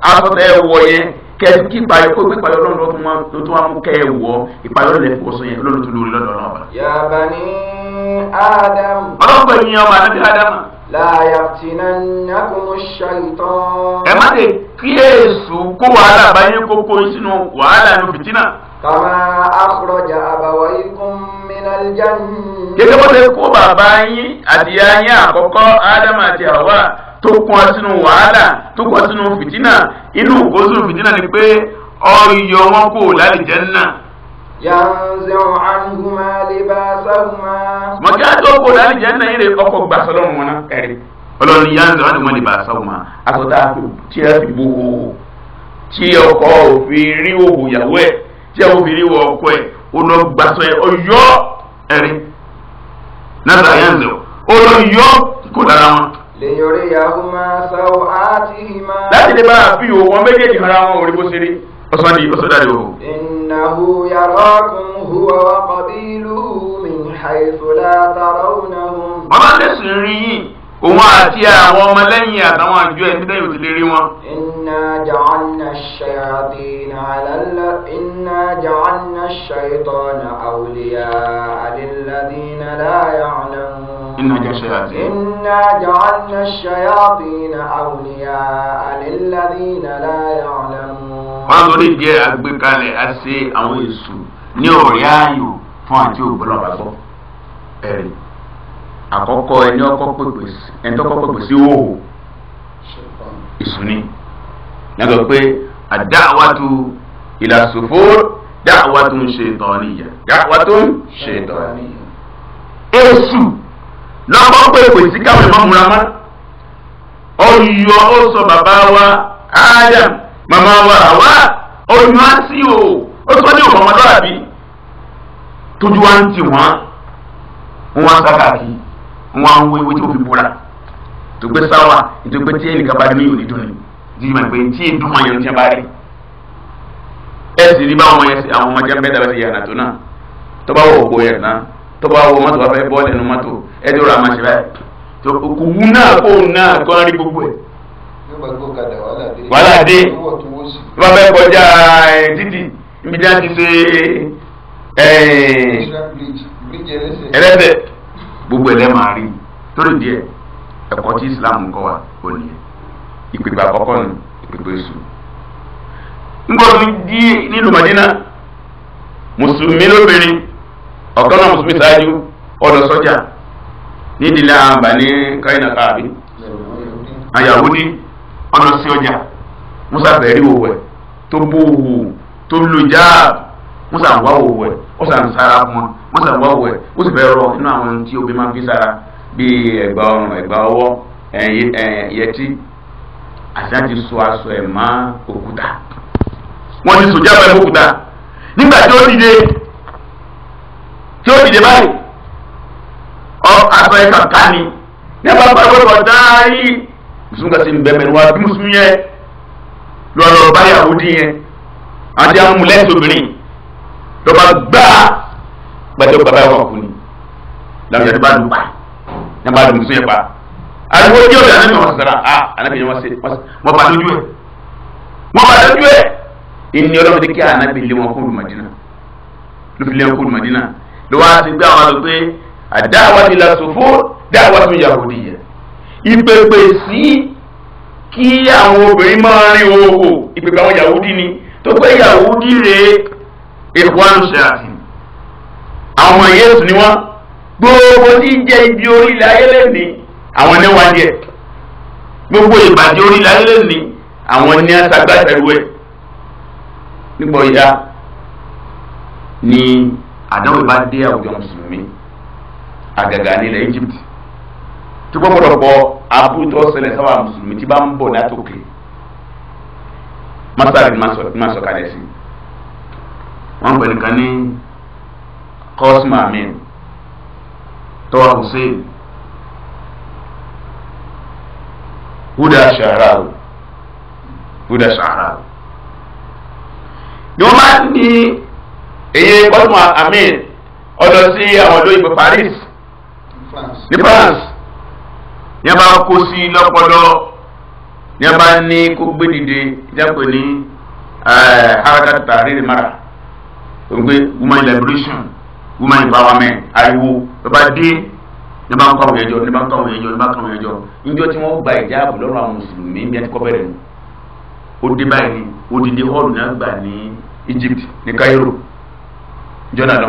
asọtẹ wọ yẹn kẹ kí ìpayọ kó ìpayọ lọ́dọ̀ tó wọn tó tó wọn mú kẹ wọ ìpayọ lọ́dọ̀ lẹ́kọ̀ọ́ sọ yẹn lọ́dọ̀ tó lórí lọ́dọ̀ náà bá. yaba ni adam. ọlọ́pàá yìí ọmọ àti adam. láyà tìǹà nàkùnmù ṣàìtàn. ẹ má lè kí èso kó wàhálà báyẹn kókó sínú wàhálà ní fìtínà. kàmá àkùrọ̀jà àbàwọ̀ ikún mìíràn jáde. gẹ́gẹ́ bó kó bàbá yín àdìyá yín àkọ́kọ́ ádámù àti àwa tó kó wa sínú wàhálà tó kó wa sínú fìtínà inú ògósùn fìtínà ni pé ọyọ wọn kò lálìjẹ náà. yanzeu anhuma libasahuma. mọ̀já tó kó lálìjẹ náà yẹn ọkọ̀ gbà sọlọ́run wọn kẹrin. ọlọ́run yanzeu anhuma libasahuma akọ̀tà tí a fi gbogbo tí ọkọ̀ òfin rí òwò ìyàwó ẹ̀ tí a òfin rí wọ ọkọ̀ ẹ̀ ó lọ gbàsọ ẹ̀ ọyọ́ ẹ̀rin náà yanzeu ó yọ kó lára wọn láti lè máa fi òwò wọn méjèèjì ara wọn orí bó ṣe rí ọsàn di ọsàn dàdí òwò. innahu yarakum huwa wa qabiluhu min haythu la wọ́n máa ń rí yìí òun àti àwọn ọmọlẹ́yìn àtàwọn àjọ ẹni tẹ́yìn ò ti lè rí wọn. iná jàánà ṣayàtìnà àlàlà iná jàánà ṣayìtọ̀nà àwòlíyà àdínládínà láyà ọ̀lẹ́mú. iná jẹ́ ṣayàtìnà. iná jàánà ṣayàtìnà àwòlíyà àdínládínà láyà ọ̀lẹ́mú. wọ́n lórí díẹ̀ àgbékalẹ̀ á sí àwọn èṣù ní ọ̀rẹ́ ààyò fún àti ògbọ́lọ́gbàgbọ́ ẹ̀rí àkọ́kọ́ ẹni ọkọ́ pèpè ẹni tó kọ́ pèpè sí òhò ìsúní nígbà pé àdáwàtú ìlàsòfò dáwàtú ń ṣe ìtọ́niyà dáwàtú ń ṣe ìtọ́niyà. èṣù lọ́kọ́ pèpè sí káwọn ẹ̀mọ́ múra mọ́ ọyọ ó sọ bàbá wa Adam màmá wa àwa ọyọ á sí o ó sọ ní òmọmọdọ́ àbí tójú wa ń tì wọ́n wọ́n á sábà kí i wọn á ń wo ewé tí mo fi bora tó gbé sáwà nítorí pé tí ẹnìkan bá ní òní dùn ní jíjí máa gbé tí èdè wọn yẹn ti bá rí ẹ sì ní báwọn yẹn sí àwọn ọmọdé mẹ́ta bá ti yàrá tó náà tó bá wọ ògbó yẹn náà tó bá wọ mọ́tò bá fẹ́ bọ́ọ̀lù ẹnu mọ́tò ẹ ti àmọ́ ṣe báyìí tó kò wú náà kó náà kó rí gbogbo ẹ̀ wàhálà dé wọ́n fẹ́ kọjá títì ibi tí ti ṣe ẹ̀ẹ́dẹ́gbẹ̀ẹ́ gbogbo ẹlẹ́ máa rí torí díẹ̀ ẹ̀kọ́ tí Islam ń kọ́ wa ò ní ìpèpè ni ìpèpè nílùú Madina mùsùlùmí lóbìnrin ọ̀kan náà mùsùlùmí ṣáájú ọ̀dọ̀ sọ́jà nídìílé àbá ní káàbí àyàwó ní ọ̀nà sí musa fẹ́ owó ẹ̀ tó bó òwò musa ń wá ẹ̀ ó wọ́n sàn wọ́ wẹ̀ ó sì fẹ́ rọ inú àwọn tí obìnrin máa fi sára bíi ẹ̀gbà ọrùn ẹ̀gbà ọwọ́ yẹtí àti láti so aṣọ ẹ̀ mọ́ òkúta wọ́n ti sòjá bẹ́ẹ̀ òkúta nígbà tí ó dìde tí ó dìde báyìí ọ aṣọ ẹ̀ kàkà ni ní abá bá gbọ́dọ̀ dárí mùsùlùmí kàṣẹ bẹ̀rẹ̀ wá bí mùsùlùmí yẹn lọ́rọ̀ báyàwó dín yẹn àti amúlẹ́sì obìnrin lọ́ba gbáà gbẹdọ bàbá wọn kù ni làwọn yàrá bá dùn pa yàrá bá dùn sún yẹn pa àdúgbò díẹ̀ ọ̀dà anábìyẹn wọn sara a anábìyẹn wọn se wọn bá lójú ẹ wọn bá lójú ẹ ìní ọlọ́run ti kí anábìyẹn lé wọn kúrò màdínà ló fi lé wọn kúrò màdínà ló wá ti gbé àwọn àlọ́ pé àdáwà ti la sòfò dáwà tún yàgò nìyẹn ìpèpè sí kí àwọn obìnrin máa rin òhò ìpèpè àwọn Yahudi ni tó pé Yahudi rèé èkó àrùn ṣe àtìmí àwọn yéésù ni wọ́n gbogbo tí ń jẹ́ ibi orílẹ̀ ayé lẹ́ni àwọn ní wá díẹ̀ gbogbo ìbàjẹ́ orílẹ̀ ayé lẹ́ni àwọn ní aṣagbátẹrù ẹ̀ nígbà ìyá ni àdánwò bá dé àwùjọ mùsùlùmí àgàgà nílẹ̀ Egypt tí pọ́pọ́lọpọ́ abúlé ṣẹlẹ̀ sábà mùsùlùmí tí bá ń bọ̀ látòkè mọ́tàlá ni máa sọ̀kalẹ̀ sí wọ́n pẹ̀lú kan ní. Qasim Amin Tawa Hussein Huda Sharawi Huda Sharawi ni wọ́n máa ń ní èyí Qasim Amin ọ̀dọ̀ sí àwọn ọ̀dọ́ ìgbẹ́ Paris ní France ní a bá kó sí lọ́pọ̀lọ́ ní a bá ní kó gbé dìde jápè ní eh, haraka tààrí mara gbogbo woman liberation woman empowerment ariwo bàbá dé ní bá ń kọ́ àwọn ẹjọ́ ní bá ń kọ́ àwọn ẹjọ́ ní bá ń kọ́ àwọn ẹjọ́ níjọ́ tí wọ́n gba ìjáàbù lọ́rùn àwọn mùsùlùmí bí a ti kọ́ bẹ̀rẹ̀ nù ó dé báyìí odidi hall náà gbà ní Egypt ní Cairo jọ́nà náà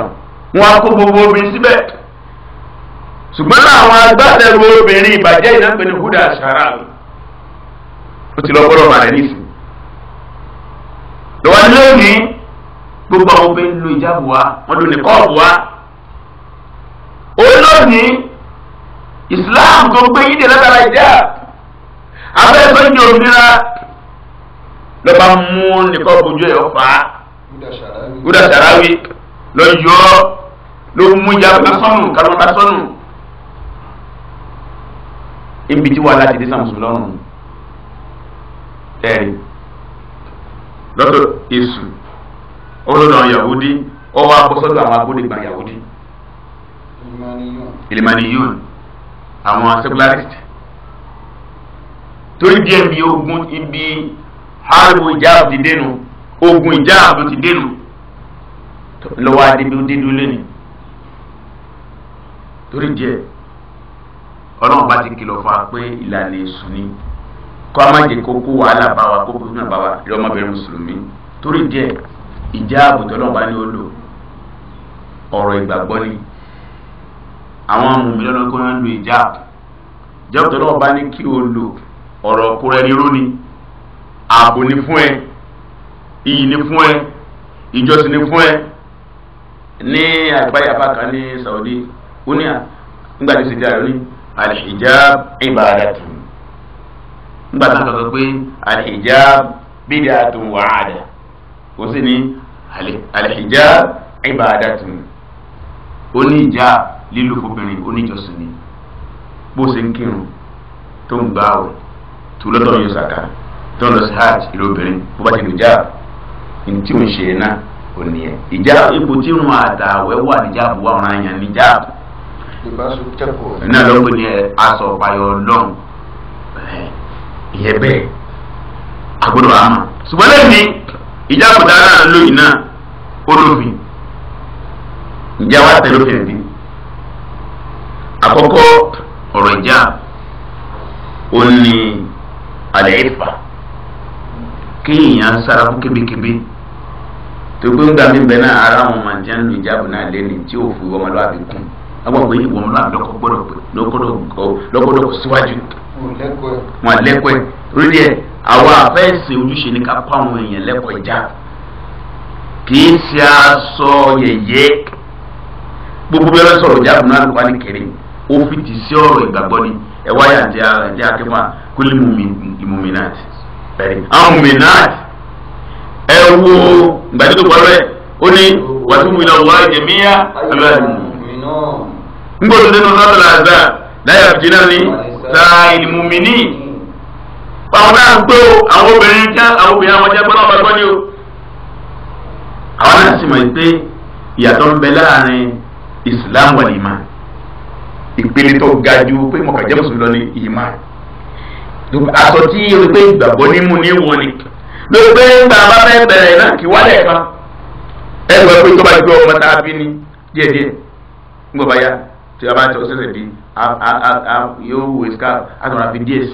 wọ́n á kó gbogbo obìnrin síbẹ̀ ṣùgbọ́n àwọn agbátẹrù obìnrin ìbàjẹ́ iná pẹ̀lú húdà ṣàrà ó ti lọ gbọ́dọ̀ bàrẹ̀ gbogbo àwọn obìnrin lo ìjáàbù wa wọ́n lo nìkọ́ọ̀bù wa. olóòní Islam tó gbé yídè látara ìjà abẹ́fẹ́ ní òmìnira lọ́ba mú nìkọ́ọ̀bù ojú ẹ̀ ọ̀fà gúdà sàráwì lọ́yọ́ ló mú ìjáàbù lásánù kàrọ̀ lásánù. ibi tí wàhálà ti dé sàmùsùn lọ́rùn ẹ̀rí lọ́dọ̀ èṣù olódò yahudi ó wá bọ́ sọ́dọ̀ àwọn agbódegbà yahudi ìlìmánìyún àwọn secularist torí díẹ̀ bí ogun ibi haribo ìjáàbù ti dénú ogun ìjáàbù ti dénú lọ́wọ́ adébíyúndédú lónìí torí díẹ̀ ọlọ́run bá ti kìlọ̀ fún wa pé ìlànà èṣù ni kó a má jẹ́ kó kó wàhálà bá wa kó kó náà bá wa lọ́mọbìnrin mùsùlùmí torí díẹ̀ ìjà àbùtọ́ náà bá ní ó lò ọ̀rọ̀ ìgbàgbọ́ ni àwọn mùmí lọ́nà kó máa ń lo ìjà ìjà àbùtọ́ náà bá ní kí ó lò ọ̀rọ̀ kúrẹ́ ní róni ààbò ni fún ẹ iyì ni fún ẹ ìjọsìn ni fún ẹ ní àgbáyàfà kan ní Saudi ó ní nígbà tí ó ti di àyọ̀ ní al nígbà tí wọ́n sọ pé al-hijab bid'atun wa wasu ne alhija ibadatun oni ja lilu fukunin oni josu ne bosin kiru tun bawo tulaton yi saka don da su hajji ilobirin kubakin hijab in ci mun shi na oni ya hijab ipo ci mun wa ta wewa hijab wa wani hanyar hijab ina lokacin ya aso bayo long yebe eh, a gudu ama subalai ne ìjábọ̀dá náà lóyìn náà ó lófin ìjà wa tẹ lófin bí àkọ́kọ́ ọ̀rọ̀ ìjà ó ní alẹ́ ìfà kéèyàn sára fún kébékébé tó gbé ńgbà mí bẹ náà ara wọn máa jẹ́ nínú ìjábọ̀ náà lẹ́nu tí ò fi wọ́n lọ́wọ́ àbí kún agbọ́n pé ìwọ̀n lọ́wọ́ àbí lọ́kọ́ síwájú wọn lẹ́kọ̀ọ́ lórí ẹ̀ àwa àfẹ́sẹ̀ ojúṣe ni ká kọ́ èèyàn lẹ́kọ̀ọ́ kì í ṣe aṣọ yẹ̀yẹ́ gbogbo bí wọ́n sọ̀rọ̀ ìjà àbùnú àlùkò ní kẹrin òfin ti sí ọ̀rọ̀ ìgbàgbọ́ ni ẹ wáyà àti àti akẹ́fà kó lè muminat bẹ́ẹ̀ àwọn muminat ẹ wo gbàdúgbò pọ̀lọ́ẹ̀ ó ní wàtúmù wà jẹ̀míyà alùpàdùn. ngbọ́dọ̀ nínú lọ́dọ̀ làzà láyà sáà àwọn náà ń gbé o àwọn obìnrin jẹ́ àwọn obìnrin àwọn jẹ́ gbọ́dọ̀ gbọ́dọ̀ ni o. àwọn náà mọ̀ pé ìyàtọ̀ ń bẹ láàrin Islam wà ní ìmọ̀ ìpele tó ga ju pé mọ̀kàjẹ́ mùsùlùmí lọ ní ìmọ̀ àtọ̀ tí o pé ìgbàgbọ́ nímú ní wọn ni ló pé ńgbà bá fẹ́ bẹ̀rẹ̀ náà kí wálẹ̀ kan ẹ gbọ́ pé tó bá gbé ọmọ tá a bí ní díẹ̀díẹ̀ ńgbọ́ bá yá tí a bá ń sọ sẹ́sẹ̀ bí yóò wò scarf àtàwọn àfi díẹ̀ sí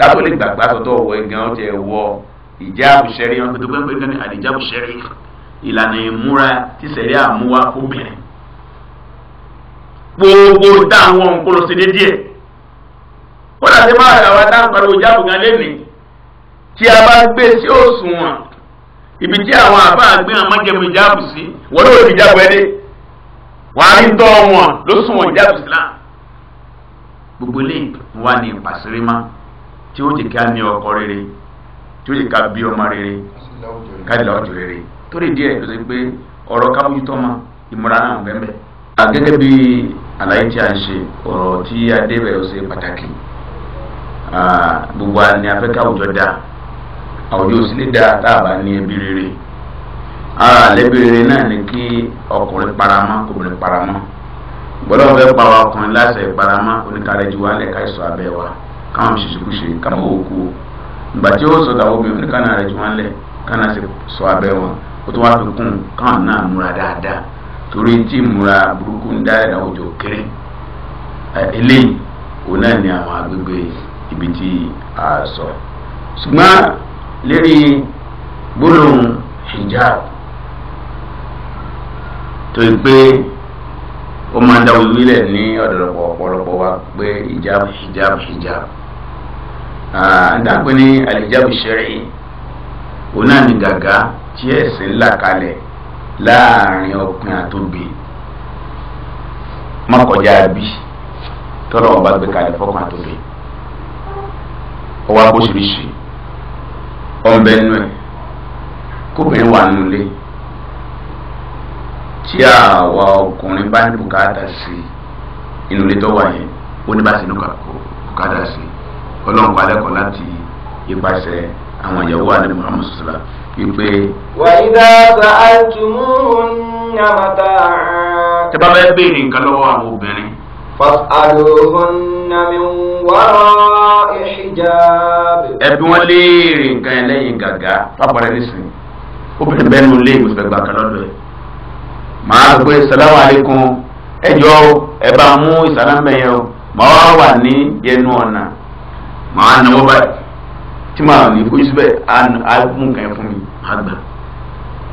kátó lè gbàgbá tọ́tọ́ ọ̀wọ́ ẹ̀gán ọ̀tẹ̀ ẹ̀wọ́ ìjáàbù ṣẹ̀rí wọn pẹ̀tọ́ pẹ́pẹ́ gan ni àdìjáàbù ṣẹ̀rí ìlànà ìmúra tí sẹ̀rí àmúwá fóbìnrin. gbogbo táwọn nǹkan ṣe dé díẹ̀ ó dàtí máa rà wá dáhùn pariwo ìjáàbù gan lẹ́nìí tí a bá gbé sí òṣùwọ̀n ibi tí àwọn àbá àgbẹ̀ àmọ́jẹ̀mú ìjáàbù sí wọ́n ló lè ìjáàbù ẹ̀ wàá rí tọ́ wọn ló ìjáàbù sí láà gbogbo eléyìí wà ní ìpàṣírí máa tí ó jẹ́ ká ní ọkọ rere tí ó jẹ́ ká bí ọmọ rere káàdìlá ọjọ́ rere torí díẹ̀ ló ṣe pé ọ̀rọ̀ kábójútọ́ ma ìmúra náà bẹ́ẹ̀ gẹ́gẹ́ bí àlàyé tí a ń ṣe ọ̀rọ̀ tí adébẹ̀ ó ṣe pàtàkì gbogbo ni afẹ́ká àwùjọ dáa àwùjọ òsì lè dáa tá a bá ní ẹbí rere ara àlẹ́bí rere náà ni kí ọkùnrin paramọ́ kòmìnrin paramọ́ gbọ́dọ̀ fẹ́ pa ọkùnrin láṣẹ ìparamọ́ oníkàlẹ́jù wa lẹ́ka ìṣọ́ abẹ́ wa. kam shi shi kushi kam oku ba obi wasu da obi wani kana da jimale kana se swabe wa kutu wa tukun kan na mura da da turinci mura burukun da da wajo kere a ile ona ne a magbegbe ibiti a so suma lere burin hijab to pe o ma da wiwile ni ọdọrọpọ ọpọlọpọ wa pe hijab hijab Ah, ndàpẹ́ ní alijabu ṣẹ̀rí òun náà ní gàgá tí ẹ̀sìn ńlá kalẹ̀ láàrin ọkùnrin àtòbí mọ́kànjá bí tọ́lọ́ ọba gbé kalẹ̀ fọ́kàn àtòbí ọwọ́ akóṣiríṣi ọ̀nbẹ nínú ẹ̀ kóbìnrin wà nílé tí àwa ọkùnrin bá ní bùkátà sí inú ilé tó wà yẹn ó ní bá sí inú bùkátà sí i ọlọ́run wà lẹ́kọ̀ọ́ láti ipasẹ̀ àwọn ìyàwó àdé muhammed sọlá wípé. wà á dá sa àtúmùhùn nyàmàtà. tẹ bá bẹ́ẹ̀ béèrè nǹkan lọ́wọ́ àwọn obìnrin. fas'aluhunna min wara'i hijab. ẹbí wọn léèrè nǹkan ẹ lẹ́yìn gàgà pápára nísìnyí obìnrin bẹ́ẹ̀ ló lé ìgbésẹ̀ gbàgbà lọ́dọ̀ ẹ̀ màá gbé salamu alaikum ẹjọ́ ẹ bá mú ìsàlámẹ́yẹ o màá wà ní yẹnu ọ̀nà màá náwó báyìí tí màá ní fojú síbẹ̀ á mú nǹkan yẹn fún mi àgbà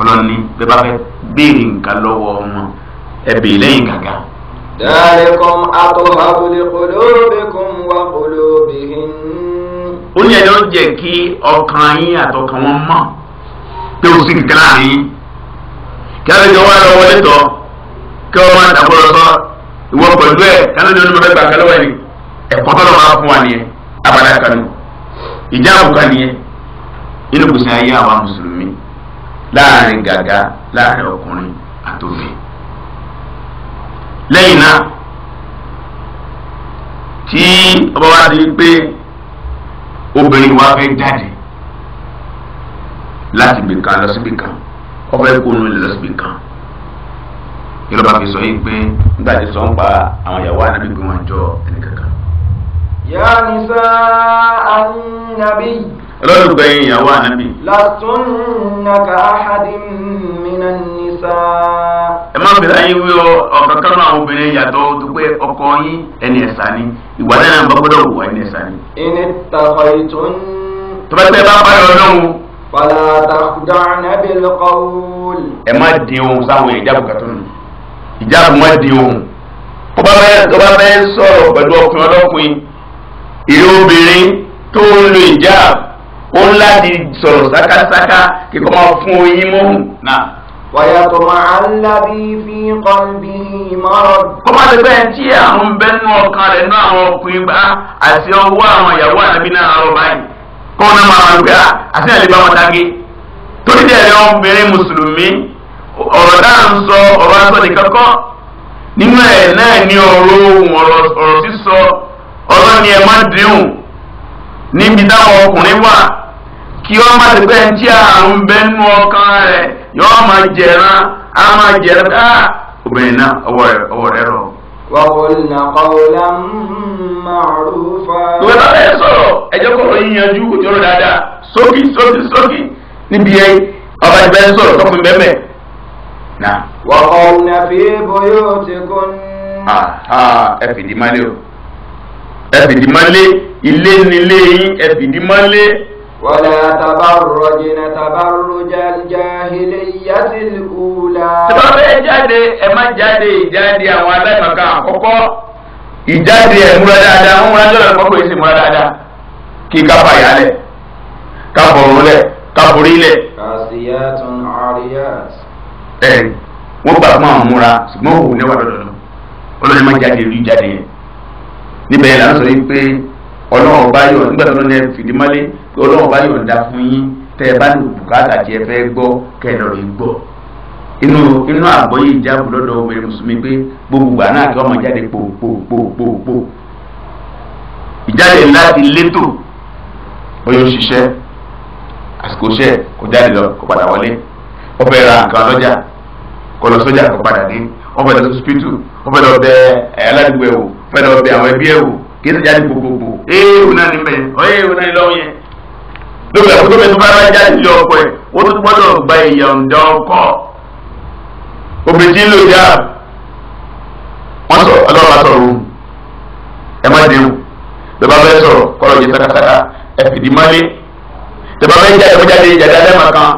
ọlọ́ni bẹ́ẹ̀ bá fẹ́ béèrè nǹkan lọ́wọ́ ọmọ ẹ béèrè lẹ́yìn gàgà. dalikum atharu li qulubikum wa qulubihin. ó ní ẹni ó jẹ́ kí ọkàn yín àtọkàn wọn mọ̀ pé o sì kíkẹ́ láàrin kí á lè jọ wá lọ́wọ́ lẹ́tọ̀ọ́ kí wọ́n máa dàgbọ́ lọ́sọ́ ìwọ pẹ̀lú ẹ̀ kí á lè jọ ní mo fẹ́ gbà kálọ́wọ́ ẹ̀ ẹ̀kọ́ tó lọ́ máa fún wa nìyẹn. abala kanu ìjáàbù kan ilu nínú anyị awa musulmi laarin gaga gàgà láàrin ọkùnrin àtòmí tí ọba wa di pé obìnrin wa fẹ́ jáde láti ibì kan lọ síbì kan ọba lọ síbì kan ìlọba fi sọ yìí pé nígbà sọ ń pa àwọn ìyàwó yá nìsa ànábì. ọlọ́run gbẹ ìyàwó ànábì. làtúnnà ká àhàdì mìíràn nìsa. ẹ má bẹ̀rẹ̀ ayé wí ọ̀kan kan náà obìnrin yàtọ̀ dúpẹ́ ọkọ yín ẹni ẹ̀sà ni ìwà náà bá gbọ́dọ̀ wù wá ẹni ẹ̀sà ni. ìní tàkọ̀ ìtún. tọ́pẹ́ tẹ́ bá parí ọlọ́run fala takhda'na bil qawl ẹ má dín ohùn sáwọn ìjáàbù kan nù ìjáàbù má dín ohùn tó bá sọ̀rọ̀ pẹ̀lú ọkùnrin ọlọ́kùnrin ìrẹ obìnrin tó ń lo ìjáàb ó ń láti sọ̀rọ̀ sákásáká kíkọ́ máa fún oyin mọ́hùn náà. ويطمع الذي في قلبه مرض. kọ́má ti bẹ́ẹ̀ tí àwọn bẹ́ẹ̀nu ọkàn rẹ̀ náà àwọn ọkùnrin bá àti ọwọ́ àwọn ìyàwó àbí náà àwọn báyìí kọ́ ọ́n náà máa máa gbé àti àlè bá wọn dágé. torí dẹ̀ ẹ̀rọ obìnrin mùsùlùmí ọ̀rọ̀ náà ń sọ ọ̀rọ̀ aṣọ nìkan nínú ẹ̀ náà ní ọ̀rọ̀ ohun ọ̀rọ̀ sísọ ọlọ́ni ẹ má dínwó níbi táwọn ọkùnrin wà kí ọ má ti pẹ́ ń tí àrùn bẹ́ nínú ọkàn rẹ̀ yọ ọ́ máa jẹ̀ran á máa jẹ̀ran ọwọrọ ah, obìnrin náà ọwọ́ rẹ̀ ọwọ́ rẹ̀ rọ̀. wàhùnà kọ́wọ́lá màrúfà. sọ̀rọ̀ òjòrò dáadáa sókì sókì sókì níbi ọba sọ̀rọ̀ ti kún. ẹ fìdí o. ẹ̀fìdì máa lé ilé nílé yín ẹ̀fìdì máa lé. wala tabarrajna tabarrujal jahiliyyatil ula. tí wọ́n fẹ́ jáde ẹ má jáde ìjáde àwọn aláìmọ̀ká àkọ́kọ́ ìjáde ẹ̀ múra dáadáa ń múra jọ̀lọ̀ kọ́kọ́ èsì múra dáadáa kí ká fà yálẹ̀ ká bọ̀rọ̀ lẹ̀ ká borí lẹ̀. kàṣíyàtún àríyàt. ẹ wọ́n gbà fún àwọn múra ṣùgbọ́n òun ní wàá dọ̀dọ̀ níbẹ̀ là ń sọ yín pé ọlọ́run bá yọ̀ nígbà tó lọ́nà fìdí mọ́lé pé ọlọ́run bá yọ̀ dá fún yín tẹ́ ẹ bá ní bùkátà tí ẹ fẹ́ gbọ́ kẹ́ ẹ lọ́ọ́ gbọ́ inú inú àgbọ́yé ìjáàbù lọ́dọ̀ obìnrin mùsùlùmí pé gbogbo gbà náà kí ọmọ jáde pòpòpòpò ìjáde ńlá ti létò bóyá ó ṣiṣẹ́ àsìkò iṣẹ́ kò jáde lọ kò padà wọlé ó fẹ́ ra nǹkan lọ́jà kò lọ sọ́jà kò padà dé ó fẹ́ lọ sí hospital ó lọ bẹ ẹ̀ aládùúgbò ẹ̀ wò pẹ̀lú ọbẹ̀ àwọn ẹbí ẹ̀wò kí ẹ jáde gbogbogbò éèwù náà ní bẹ́ẹ̀ ọ̀yẹ́wù náà ní lọ́wọ́ yẹn. lórí ẹ̀kọ́ tó bẹ tó bá bá jáde lé ọkọ ẹ̀ ó tún gbọ́dọ̀ gba ìyọ̀ǹda ọkọ. obìnrin tí ń lò já wọ́n sọ ọlọ́run sọ̀rọ̀ òun ẹ má dẹ́wù bẹ́ẹ̀ bá bẹ́ẹ̀ sọ̀rọ̀ kọ́lọ̀ yẹn sákàsákà ẹ fìdí mọ́lé bẹ́ẹ̀ bá bẹ́ẹ̀ jáde jáde jáde alẹ́mà kan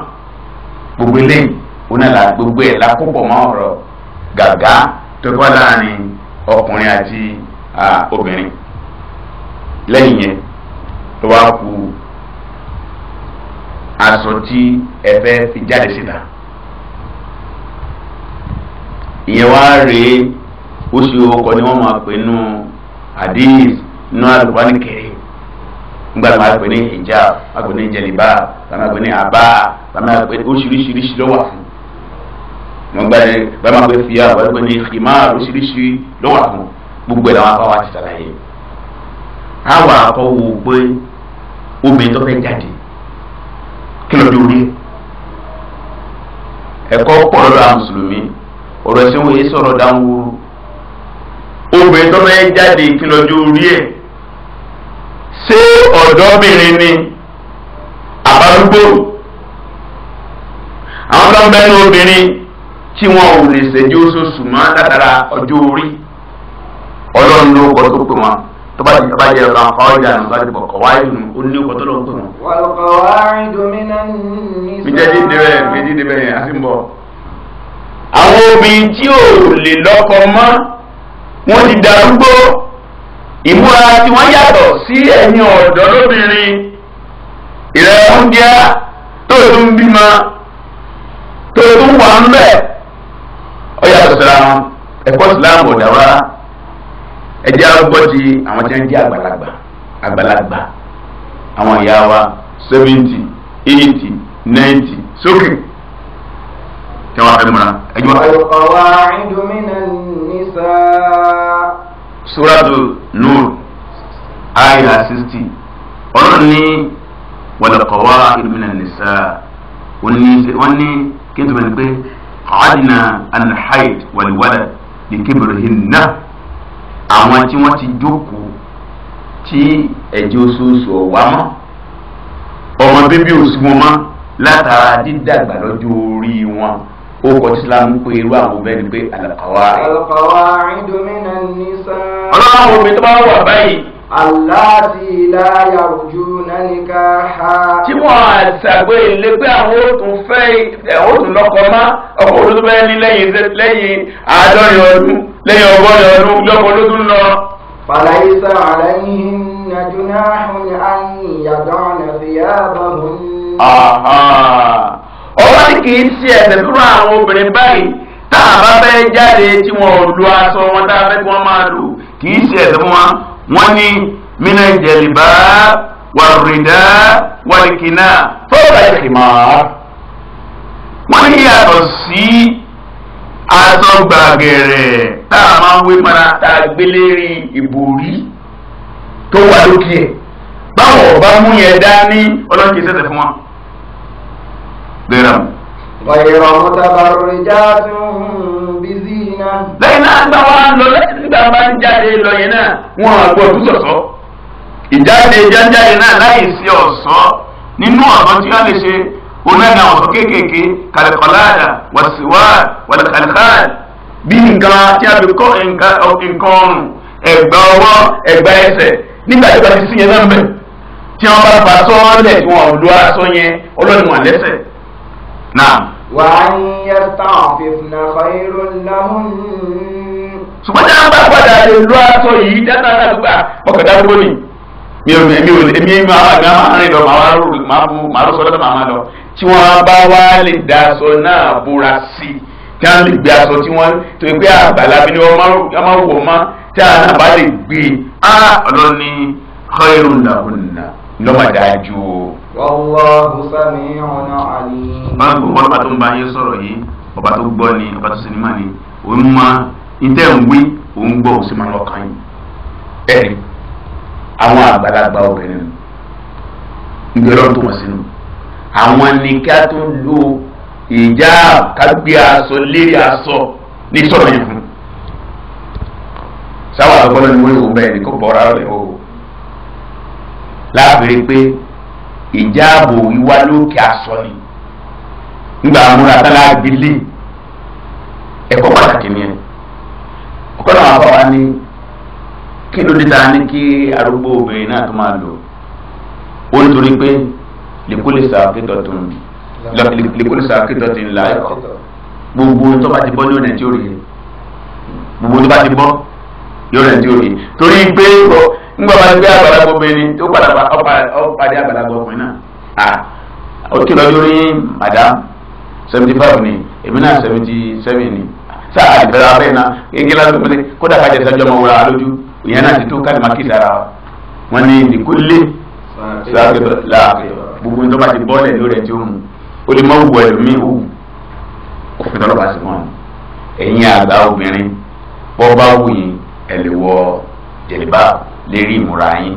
gbogbo eléyìí ó náà gbogbo ẹ̀ lákòpọ̀ mọ́ ọ̀rọ̀ gàgá tó kọ́ láàrin ọkùnrin àti obìnrin lẹ́yìn yẹn tó wá ku aṣọ tí ẹ fẹ́ fi jáde síta ìyẹn wá rèé oṣù ọkọ ni wọ́n máa pè nù hadith nù alùpàdé kẹrin ngba ma gbe ni hijab ma gbe ni jeliba ma gbe ni aba ma gbe oríṣiríṣi ló wà fún mo gba ni ba ma gbe fiya ba gbe ni khimar oríṣiríṣi ló wà fún gbogbo ẹ̀ làwọn afọ wa ti ṣàlàyé a wà kọ́ wo pé omi tó fẹ́ jáde kí ló dórí ẹ̀kọ́ pọ̀ lọ́dọ̀ àwọn mùsùlùmí ọ̀rọ̀ ẹ̀sìn wo yìí sọ̀rọ̀ dáhùn omi tó fẹ́ jáde kí ló dórí ẹ̀ ṣé ọ̀dọ́bìnrin ni àbádúgbò àwọn tó ń bẹ́ẹ̀ ní obìnrin tí wọn ò lè ṣèjọ́ oṣooṣù mọ́ látara ọjọ́ orí ọlọ́run ló kọ́ tó pè wọ́n tó bá jẹ́ bá jẹ́ ọ̀rọ̀ àwọn ọjà nù bá ti bọ̀ kọ̀wá ìlú ó ní kọ́ tó lọ́ pè wọ́n. méjèèjì débẹ̀ méjèèjì débẹ̀ a àti ń bọ̀. àwọn obìnrin tí ò lè lọ́kọ mọ́ wọ́n ti darúgbó ìmúra tí wọ́n yàtọ̀ sí ẹ̀yìn ọ̀dọ́ lóbìnrin ìrẹ̀ oúnjẹ tó tó ń bímọ tó tó ń wà ń bẹ̀ ọ yàtọ̀ ẹ̀kọ́ ìsìlámù ọ̀dà wa ẹjẹ arúgbó ti àwọn tí wọn jẹ àgbàlagbà àgbàlagbà àwọn ìyá wa seventy eighty ninety sókè tí wọn fẹ́ múra ẹjọ wọn. alqawaidu minan nisaa. suratu nur aya sixty ọlọ́run ní walqawaidu minan nisaa wọ́n ní kí n tó bẹ̀rẹ̀ pé qa'adna al-hayd wal-walad li kibrihinna àwọn tí wọ́n ti jókòó tí ẹ̀jẹ̀ oṣooṣù ọ̀wá mọ́ ọmọ bíbí oṣù wọn mọ́ látara dídàgbà lọ́jọ́ orí wọn ó kọ tí islam pé irú àwọn bẹ́ẹ̀ ni pé alaqawa'idu minan nisa. ọlọ́run mi tó bá wà báyìí aláàtì láyà ojú náníkà ha. tí wọ́n ṣàgbé ilé pé àwọn òtún fẹ́ òtún lọ́kọ má ọkọ olóṣù fẹ́ ní lẹ́yìn àádọ́rin ọdún lẹ́yìn ọgọ́rin ọdún lọ́kọ olóṣù lọ. fàlàyésà àlàyìn nàdúnà àhùn àyìn ìyàgbọ́n nàfẹ̀yà bàbùn. ọwọ́ ni kì í ṣe ẹ̀sẹ̀ fún àwọn obìnrin báyìí tá a bá fẹ́ jáde tí wọn ò lu aṣọ wọn tá a kí wọ́n máa lò kì í ṣe ẹ̀sẹ̀ fún wọn wọ́n ní mina jẹ̀lìbá wàrìdá wàlìkìnà fọ́ọ̀rọ̀ ìkìmá. wọ́n ní yàtọ̀ sí aṣọ gbàgẹ̀rẹ̀ tá a máa ń wé mara tá a gbélé rí ìbòrí tó wà lókè ẹ̀ báwọn ọba mú yẹn dání ọlọ́kì sẹ́sẹ̀ fún wọn. bẹ́ẹ̀ náà. wàyẹ̀rọ̀ mọ́tàbárò ìjà tún bí tá a bá ń jáde lọ yẹn náà wọn àgbọ̀dún sọ̀sọ́ ìjáde jájáde náà láì sí ọ̀sọ́ nínú ọ̀sọ́ tí wọ́n lè ṣe onáda ọ̀sọ́ kéékèèké kàlẹ́kọ̀láàdà wàsíwá wàlẹ̀kàlẹ́kàlẹ́ bí nǹkan tí a fi kọ́ nǹkan ọ̀rùn ẹ̀gbà ọwọ́ ẹ̀gbà ẹsẹ̀ nígbà tí wọ́n ti sí yẹn náà bẹ̀ tí wọ́n bá fa sọ́ọ́lẹ̀ tí wọ́n lo aṣọ yẹn ọlọ́run wà lẹ́sẹ̀ náà. wàá yẹ táwọn fífúnà kọ́ irun náà ṣùgbọ́n tí a bá padà lè lo aṣọ yìí dáná àdúgbà ọkọ̀ dágbó ni mi ò mi ò èmi máa gbá máa rìn lọ máa rò máa bu máa lọ sọ́dọ̀ máa lọ tí wọ́n bá wá lè da aṣọ náà búra sí i tí wọ́n lè gbé aṣọ tí wọ́n tó gbé àgbàlagbé ni wọ́n máa wọ̀ mọ́ tí a náà bá lè gbé a e, ọlọ́ni khairun lahunna lọ́mọdájú. wallahu sami'un alim. báwo ni wọ́n bá tó ń bá yín sọ̀rọ̀ yìí ọba tó gbọ́ ni ọba tó sinimá ni òun máa. ìtẹ́ ń wí òun gbọ́ òun sì máa lọ́kàn yìí ẹ̀rí àwọn àgbàlagbà obìnrin ìgbẹ́rọ̀ tó wọ́n sínú àwọn ni ká tó lo ìjà kágbé aṣọ lérí aṣọ ní sọ̀rọ̀ yìí fún sáwọn àgbọ̀lọ́ ni wọ́n yóò bẹ́ẹ̀ ní kó bọ́ra rẹ̀ o láàbẹ̀rẹ̀ pé ìjà ààbò wíwá lókè aṣọ ni nígbà múra tálá ẹ̀kọ́ pàtàkì nìyẹn. kọ́nà àwọn bàbá ní kí ló dé ta ní kí arúgbó obìnrin náà tó máa lò ó nítorí pé lèkúlè sàkítọ̀ tó ń lèkúlè sàkítọ̀ ti ń la ẹ̀kọ́ gbogbo tó bá ti bọ́ ní ọ̀nà tí ó rí gbogbo tó bá ti bọ́ ní ọ̀nà tí ó rí torí pé ńgbà bá gbé àgbàlagbà obìnrin tó padà ọ̀pàdé àgbàlagbà ọkùnrin náà ó kìlọ̀ lórí madam seventy five ni èmi náà seventy seven ni tá a bẹ̀rẹ̀ abẹ́ na gẹ́gẹ́ lásán pé kódà kájà ìdájọ́ ọmọ wura lójú ìyẹn náà ti tó káàdì máa kíyèsí ara wọn ní nìkó lé sàkébọ̀ làákè gbogbo ní tọ́ba ti bọ́ọ̀lẹ̀ o ẹ̀ tí ó mú ó lè má wù ẹlòmíì wù òfin tọ́lọ́ba sí wọn ẹ̀yin àgbà obìnrin bọ́ bá wù yín ẹ̀ lè wọ jẹ̀lẹ̀bá lérí ìmúra yín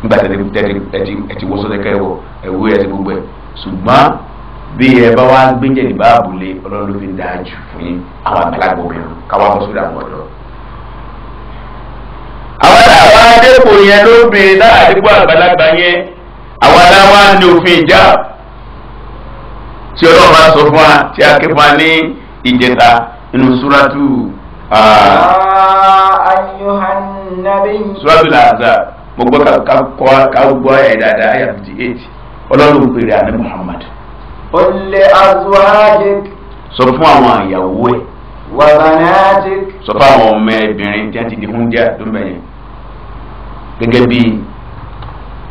nígbà tẹ́tí ẹ ti wọ́sọ́ tẹ́kẹ́ wọ ẹ̀wú ẹ̀ ti gbogbo ẹ̀ ṣùgbọ́n bí ẹ bá wá gbé jẹ nígbà àbúlé ọlọ́run ló fi dáa jù fún yín àwọn àgbàlagbà obìnrin káwá bọ́ sódà wọn lọ. àwọn táwọn adékòó yẹn ló ń bèrè náà àdékòó àgbàlagbà yẹn àwọn aláwa ní òfin ìjà tí ọlọ́run bá sọ fún wa tí a ké fún wa ní ìjẹta nínú súrátù. ayọ̀hán nàbẹ́yìn. súrátù làzà mo gbọ́ ká gbọ́ ẹ̀ dáadáa ayà fifty eight ọlọ́run pèrè àná Muhammad. قل لأزواجك sọ fún àwọn ìyàwó ẹ̀. wa banatik. sọ fún àwọn ọmọ ẹbìnrin tí wọ́n ti di húndíà tó ń bẹ̀ yẹn. gẹ́gẹ́ bí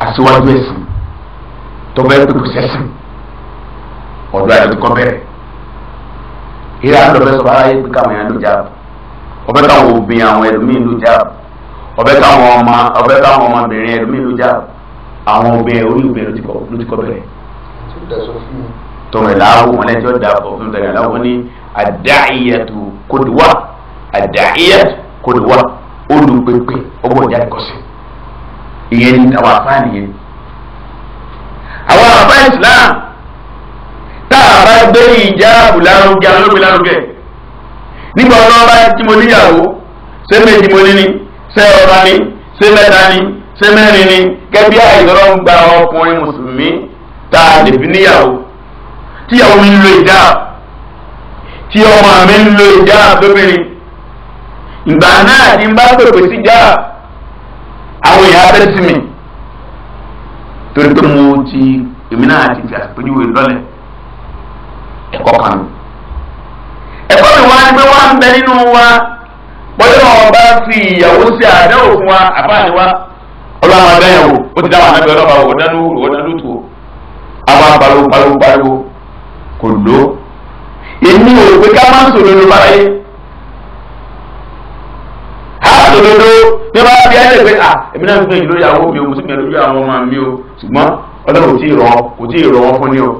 aṣíwájú ẹ̀sìn tó bẹ́ẹ̀ pé kò sẹ́sìn ọ̀dọ́ àyọ̀ ti kọ́ bẹ̀rẹ̀. ìyá àdọ́bẹ̀ sọ fún ayé pé káwọn èèyàn ló jà ọbẹ̀ káwọn obìnrin àwọn ẹlòmíín ló jà ọbẹ̀ káwọn ọmọ ọbẹ̀ káwọn ọmọbìnrin ẹlòmíín ló jà àwọn obìnrin orí obìnrin ló ti kọ́ bẹ̀rẹ̀ tɔmɛlaawo wọn lɛ tí o da fɔ fún tɔmɛlaawo ni ada'iyatu kodiwa ada'iyatu kodiwa olùgbègbè ọgbọ́n jáde kọsí ìyẹn ni àwọn afáàní yẹn àwọn afáàní islam tá a bá gbé ìjáàbù lárugẹ alóbi lárugẹ nígbà wọn bá tí mo níyàwó ṣé méjì mo ní ni ṣé ọba ni ṣé mẹ́ta ni ṣé mẹ́rin ni kẹbí àìsàn ń gba ọkùnrin mùsùlùmí tá a lè fi níyàwó. tíyàwó mi ń lo ìdáàbò tí ọmọ mi lo ìjà àbẹ́bìnrin ìgbà náà ni bá pèpè sí ìjà àwọn èèyàn abẹ́ sí mi torí pé mo ti èmi náà ti fi àpèjúwe lọ́lẹ̀ ẹ̀kọ́ kan mi. ẹ̀kọ́ mi wá wá ń bẹ nínú wa bọ́dọ̀ ọba fi ìyàwó sí wa àbáyé wa ọlọ́run abẹ́yẹ̀wò ó ti dáwọn anábẹ́ ọlọ́ba wò dánú wò dánú àwọn kò ló èmi ò pé ká má sòrò ló bára yé á sòrò ló bí wọ́n bá bí ẹ́ lè pé à èmi náà fún ìlú ìyàwó mi o mo sì gbìyànjú àwọn ọmọ mi o ṣùgbọ́n ọlọ́run ò tí ì rọ̀ kò tí ì rọ̀ wọ́n fún ni o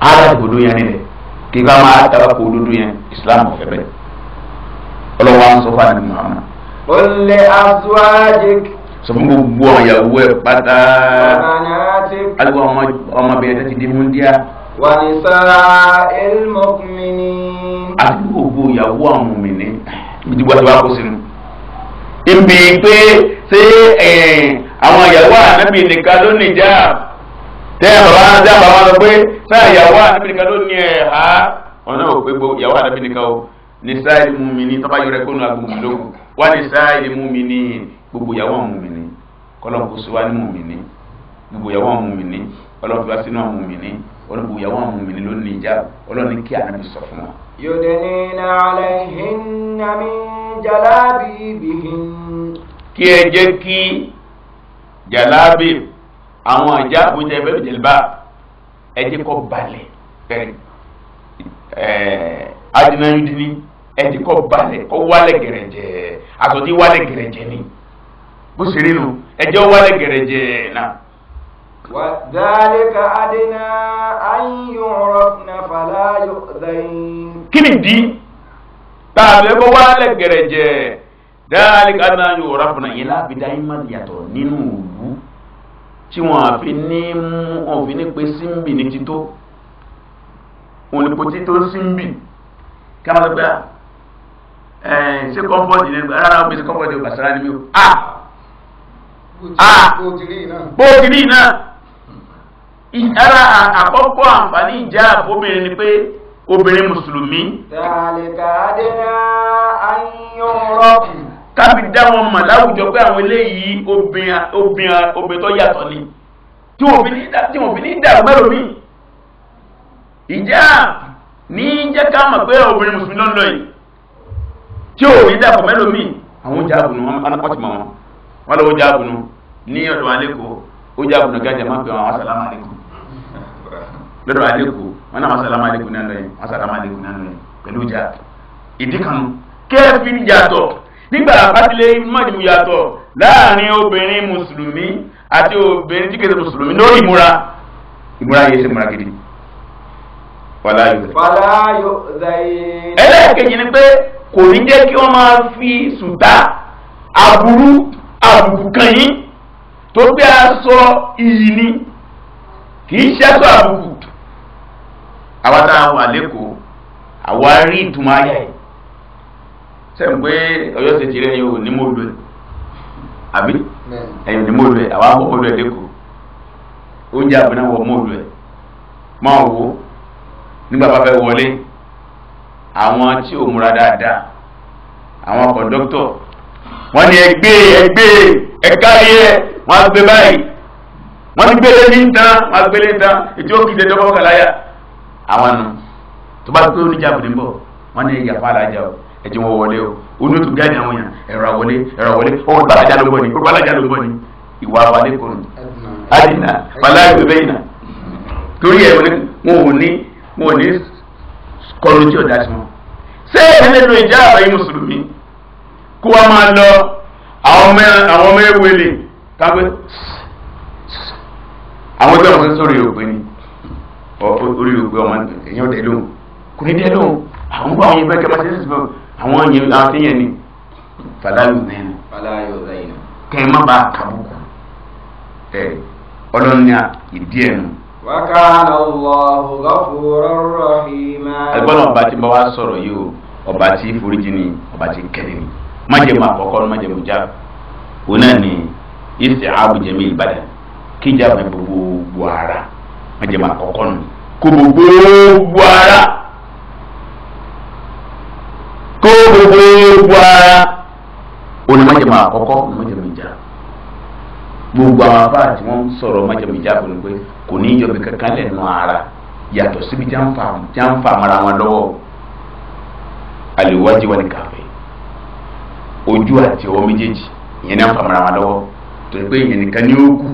á láti gbòdó yẹn nílẹ̀ kí ká máa tara kó dúdú yẹn Islam ọ̀fẹ́ bẹ́ẹ̀ ọlọ́run wa ń sọ fún àdìmọ̀ àmọ́. ó lè aṣọ sọfún gbogbo ọ̀yàwó ẹ̀ pátá. alùpùpù ọmọbìnrin ti di múndíá wà ní sára elmọ́kùnmíní. àdúgbò gbogbo ìyàwó àwọn mìíní ibi tí wàá kó sínú. ibi pé ṣé àwọn ìyàwó ànábì nìkan ló nìjà tẹ́ bàbá tẹ́ bàbá lọ pé ha ọ̀nà òpé gbogbo ìyàwó ànábì nìkan o nisaali mumini tọba yọrọ kó nu agbóhùn lóko wa nisaali mumini gbogbo yàwó mumini kọlọ́n kó sọ wa ni mumini gbogbo yàwó olùkọ́ ìyàwó àwọn mùmìnì ló ní ìjà ọlọ́ni kí ànábì sọ fún wa. yudnina alayhinna min jalabibihin. kí ẹ jẹ́ kí jalabi àwọn ìjà àbújá ẹgbẹ́ ìjẹ̀lbá ẹ jẹ́ kó balẹ̀ adinayudini ẹ jẹ́ kó balẹ̀ kó wálẹ̀ gẹ̀rẹ̀jẹ̀ àtọ̀tí wálẹ̀ gẹ̀rẹ̀jẹ̀ ni bó ṣe rí nu ẹ jẹ́ wálẹ̀ gẹ̀rẹ̀jẹ̀ náà. وذلك أدنى أن يعرفن فلا يؤذين كندي tàbí kó wá lẹ gẹrẹjẹ dáálí kádínà yóò rà fúnà yìí láàbí dá ìmọ̀ yàtọ̀ nínú ìlú tí wọn àfi ní mú òfin ní pé símbì ní tító ònípo tító símbì káwọn ṣé kọ́ńfọ́ọ̀tì ní rárá omi ṣe kọ́ńfọ́ọ̀tì ò bàṣẹ́rá ni mí o. Ah! bó ti rí iná ara àkọ́kọ́ àǹfààní ìjà obìnrin ni pé obìnrin mùsùlùmí. tàlíkà dènà ayọ̀rọ̀kù. kábí dá wọn mọ̀ láwùjọ pé àwọn eléyìí obìnrin tó yàtọ̀ ni tí wọn fi ní dàrú mẹ́rọ mi. ìjà ní jẹ́ ká mọ̀ pé obìnrin mùsùlùmí ló ń lọ yìí tí ò ní dàpọ̀ mẹ́rọ mi. àwọn jáàbùnú wọn ti mọ̀ wọn wọn lọ́wọ́ jáàbùnú ní ọ̀dọ̀ alẹ́kọ̀ọ́ ó jáàbùnú gájà má pè wọn àwọn asàlámù alẹ́kọ̀ọ́ lọ́dọ̀ àlékù wọn náà wọn sàlámà àlékù náà lọ́yìn wọn sàlámà àlékù náà lọ́yìn pẹ̀lú ìjà ìdí kan kẹ́ẹ̀fì ń yàtọ̀ nígbà abátilé mọ́jìmú yàtọ̀ láàrin obìnrin mùsùlùmí àti obìnrin tí kìí ṣe mùsùlùmí lórí ìmúra ìmúra yìí ṣe múra gidi. fàlàyò zayin. ẹlẹ́ẹ̀kejì ni pé kò ní jẹ́ kí wọ́n máa fi sùtá aburú àbùkù kan yín tó gbé aṣọ ìyìn ni kì í ṣe aṣọ àbùkù awata tá a wà lẹ́kọ̀ọ́ àwa rí ìtumọ̀ ayé ẹ̀ sẹ́yìn ti ti rẹ̀ yóò ní mòlù ẹ̀ àbí ẹ̀yìn ní mòlù ẹ̀ àwa wọ̀ mòlù oúnjẹ àbúná wọ̀ mòlù ẹ̀ máa wò nígbà bá fẹ́ wọlé àwọn tí ò múra dáadáa àwọn gbé báyìí ti gbélé ní ìtàn wọ́n àwọn nù tó bá pé oníjàmbù ní bọ̀ wọ́n ní ìyá fara jà o ẹ̀jẹ̀ wọn wọlé o onú tó gáàdì àwọn yàn ẹ̀rọ àwọlé ẹ̀rọ àwọlé owó gbàlájà ló bọ̀ ni owó gbàlájà ló bọ̀ ni ìwà abalẹ̀ kò ní adìnnà baláyé bẹ́ẹ̀ yìí nà torí ẹ̀ wọn ò ní wọn ò ní kọlu tí ọ̀dà sí wọn. ṣé ẹlẹ́nu ìjà àbáyé mùsùlùmí kó wa máa lọ àwọn ọmọ ewele orí gbogbo ọmọ èèyàn dẹ lóhùn kò ní dẹ lóhùn àwọn gbọ́ àwọn ìgbẹ́kẹ̀ máa ṣe ṣe fún àwọn yẹn àwọn tí yẹn ni fàlàyò kẹ́ ẹ má bàa ẹ ọlọ́ni ìdí ẹ̀ nù. rahima. ọba tí bá wá sọ̀rọ̀ yìí o ọba tí ni ọba tí kẹ́lẹ́ ni májèmú àkọ́kọ́ májèmú já òun náà ni ìsì àbújẹmí ìbàdàn kíjà májẹ̀mú àkọ́kọ́ nù kò gbogbo ara kò gbogbo ara òní májẹ̀mú àkọ́kọ́ májẹ̀mú ìjà gbogbo àwọn afárá tí wọ́n sọ̀rọ̀ májẹ̀mú ìjà kò ní pé kò ní yọbi kankan lẹ́nu ara yàtọ̀ síbi tí mara wọn lọ́wọ́ àlèwájú wọn ni kàfé ojú àti ọwọ́ méjèèjì ìyẹn ni a ń fa mara wọn lọ́wọ́ tó pé ìyẹn nìkan ni ó kù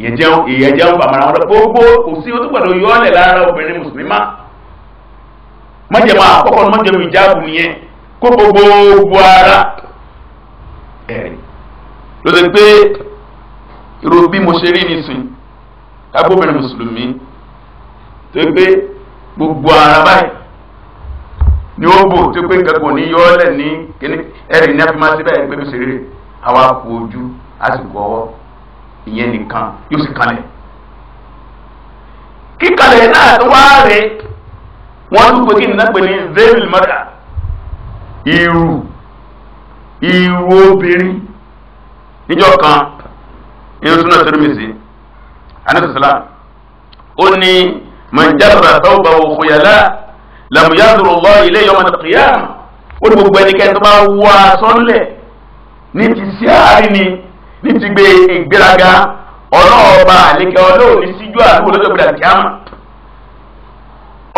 ìyẹjẹun ìyẹjẹun bàmàrà wọn gbogbo kò sí o tó gbọ́dọ̀ yọ ọlẹ lára obìnrin mùsùlùmí má májèmọ àkọ́kọ́ ní májèmọ ìjáàbù nìyẹn kó gbogbo ara ẹrin ló ti pé irú bí mo ṣe rí nísìn kábóbìnrin mùsùlùmí tó pé gbogbo ara báyìí ni ó bò tó pé kankan ní yọ ọlẹ ní kíní ẹrin ní a fi pé mo ṣe rí àwa kò ojú àsìkò ọwọ́ ìyẹn nìkan yóò sì kalẹ̀ kíkalẹ̀ náà wá rẹ̀ wọ́n tún pé kí nínú pé ní zéèlì mọ́tà irú irú obìnrin níjọ́ kan inú súnà tìrìmìsì anásàsàlá ó ní mọ̀jáfà tọ́gbà òkúyàlá làmúyàdùrù lọ ilé yọmọ tàkìyà ó ní gbogbo ẹnikẹ́ni tó bá wá sọ́nlẹ̀ ní ti sí àárín ni ní ti gbé ìgbéraga ọlọ́ọ̀ba àlékẹ́ ọlọ́ọ̀ni síjú àdúgbò lọ́jọ́ gbéra kí á mọ̀.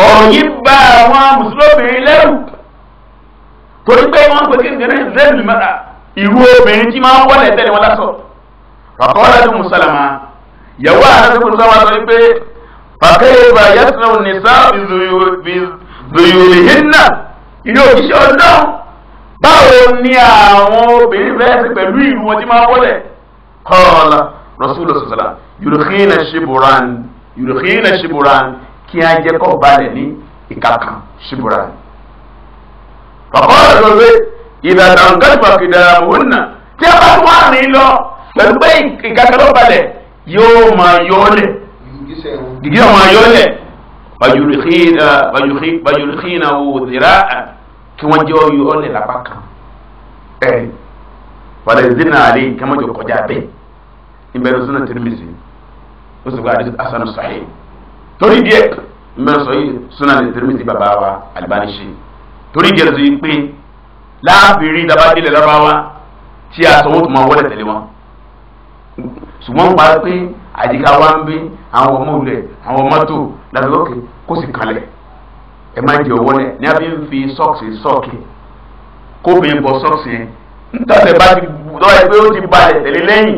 ọ̀rọ̀ yìí bá àwọn mùsùlùmí lẹ́rù torí pé wọ́n pè kí nìyẹn zẹ́ẹ̀lì mọ́ra ìrú obìnrin tí máa ń wọlé tẹ́lẹ̀ wọn lásọ̀. bàbá ọlọ́dún mùsàlámà yẹ̀wò àdàbẹ̀kùn sáwọn sọ pé fàkẹ́yẹ̀bà yẹ́sùn nìsá ìzòyòlìhìnnà ilé òṣìṣẹ́ ọlọ́run báwo ni àwọn obìnrin fẹ́ẹ́ sí pẹ̀lú ìrú wọn tí máa ń wọlé kọ́ọ̀lá rasulù sọ̀lá yorùkínà ṣibùrán yorùkínà ṣibùrán kí á jẹ́ kọ́ balẹ̀ ní ìkàkà ṣibùrán. kọ̀kọ́rọ̀ ló wé ìdàgbà nǹkan ìpàkìdà òun náà tí a bá wà ní lọ pẹ̀lú pé ìkàkà ló balẹ̀ yóò máa yọ́lẹ̀ gidi ọmọ ayọ́lẹ̀ bayurukina wo zira kí wọ́n jẹ́ ọyọ́ ọlẹ̀ zina ali kí wọ́n jọ kọjá ìbẹ̀rù súnà Tirmidhi ó sì gba àdìsí asanu sahih torí díẹ̀ ìbẹ̀rù sọ yìí súnà ní Tirmidhi bàbá wa Albani ṣe torí díẹ̀ sọ yìí pé láàbìrì dabadílẹ̀ lọ́bàwá tí a sọ wọ́n tó máa wọlé tẹ̀lé wọn ṣùgbọ́n pa pé àdìgá wa ń bí àwọn ọmọ olè àwọn mọ́tò lábẹ́wọ́kẹ́ kó sì kalẹ̀ ẹ má jẹ ọwọ́ a fi fi sọ́ọ̀sì sọ́ọ̀kì kó fi bọ̀ sọ́ọ̀sì yẹn ń tàbí bá ti lọ́ọ́ ẹ pé ó ti balẹ̀ tẹ̀lé lẹ́yìn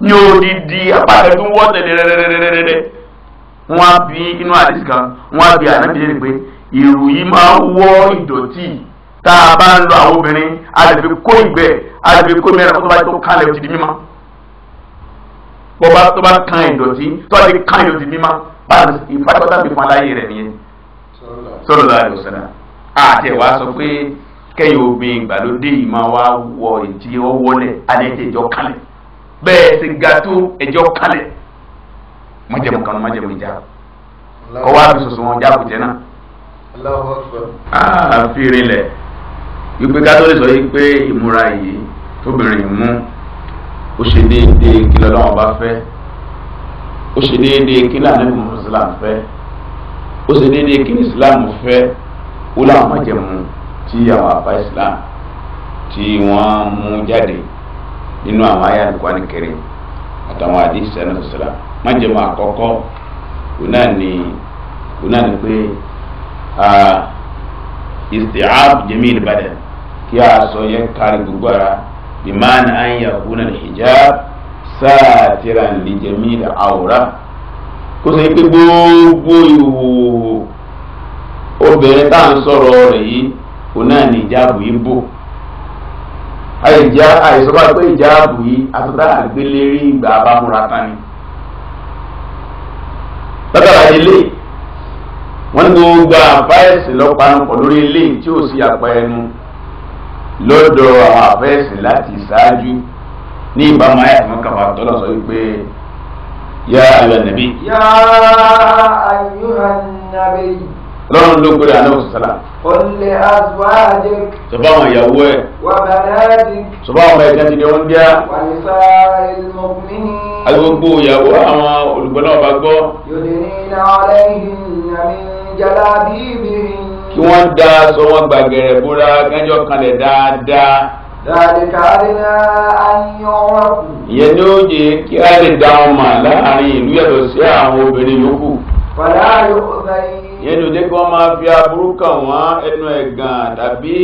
ní odidi apáta tó ń wọ́ bi inú àdìsí kan wọ́n á bí ànábì lè pé ìrù yìí máa ń wọ́ tá a bá ń lo àwọn obìnrin a kó ìgbẹ́ a kó mẹ́rin tó bá tó di mímọ́ bọ́ba tó bá kan ìdọ̀tí tó bá ti kan ìdọ̀tí mímọ́ báyìí ìfàtọ́tà fi fún aláyé rẹ̀ nìyẹn sọ́dọ̀ láàrin ọ̀sán àtẹ̀wá sọ pé obìnrin ìgbàlódé yìí máa wá wọ ìdí bẹ́ẹ̀ ti ga tó ẹjọ́ kalẹ̀ májẹ̀mú kanu májẹ̀mú ìjà kọ́ wá ah, fi sọ̀sọ̀ wọn já kùtẹ́ náà. aa fìrí lẹ̀ wípé kátólì sọ yìí pé ìmúra yìí tóbìnrin mú ó ṣe déédéé kí lọ́lọ́wọ́n bá fẹ́ ó ṣe déédéé kí lànàbí mùsùlùmí fẹ́ ó ṣe déédéé kí ìsìlámù fẹ́ ó láwọn májẹ̀mú tí àwọn àbá ìsìlámù tí wọ́n mú jáde nínú àwọn ayé àdúgbò ní kẹrin àtàwọn àdìsí ẹnu sọsọlá májèmọ àkọ́kọ́ òun náà ni òun náà ni pé isti'ab jami'i al-badan kí a sọ yẹn kárí gbogbo ara bimaana an yakuna al-hijab satiran li jami'i al-awra kó sọ yẹ pé gbogbo ìwò obìnrin tá à ń sọ̀rọ̀ rẹ̀ yìí òun náà ni ìjáàbù yìí bò àìjá àìsọ́bà pé ìjáàbù yìí àtúntà àgbélérí ìgbà àbámúra kan ni. látara ilé wọ́n ní gbogbo àfáẹ́sì lọ́panupọ̀ lórí ilé tí ò sí apá ẹnu lọ́dọ̀ àwọn àfáẹ́sì láti ṣáájú ní ìbámu àyàfọ́n kàwá tọ́lọ̀ sọ wípé yá ayọ̀ nàbí. yá ayọ̀ nàbí lọ́run ló gbére àná òṣìṣẹ́lá. olè azuwájẹ. sọba àwọn ìyàwó ẹ. wà bàdáàdì. sọba àwọn ẹ̀jẹ̀ ti di ọ̀hún bíá. wà ní sá ìlmọ̀kùnmí. agbègbè ìyàwó àwọn olùgbọ́n náà bá gbọ́. yòlẹ́ni náà lẹ́yìn ìyàmí jàlá bíbí. kí wọ́n da aṣọ wọn gbàgẹ̀rẹ̀ bóra gánjọ́ kanlẹ̀ dáadáa. Dàdíkà àdínà ayọ̀wọ̀kù. Ìyẹn ni ó yẹ kí a lè dá ọmọ láàrin ìlú yàtọ̀ sí yẹn ló dé kí wọ́n máa fi aburú kàn wọ́n ẹnu ẹ̀gàn tàbí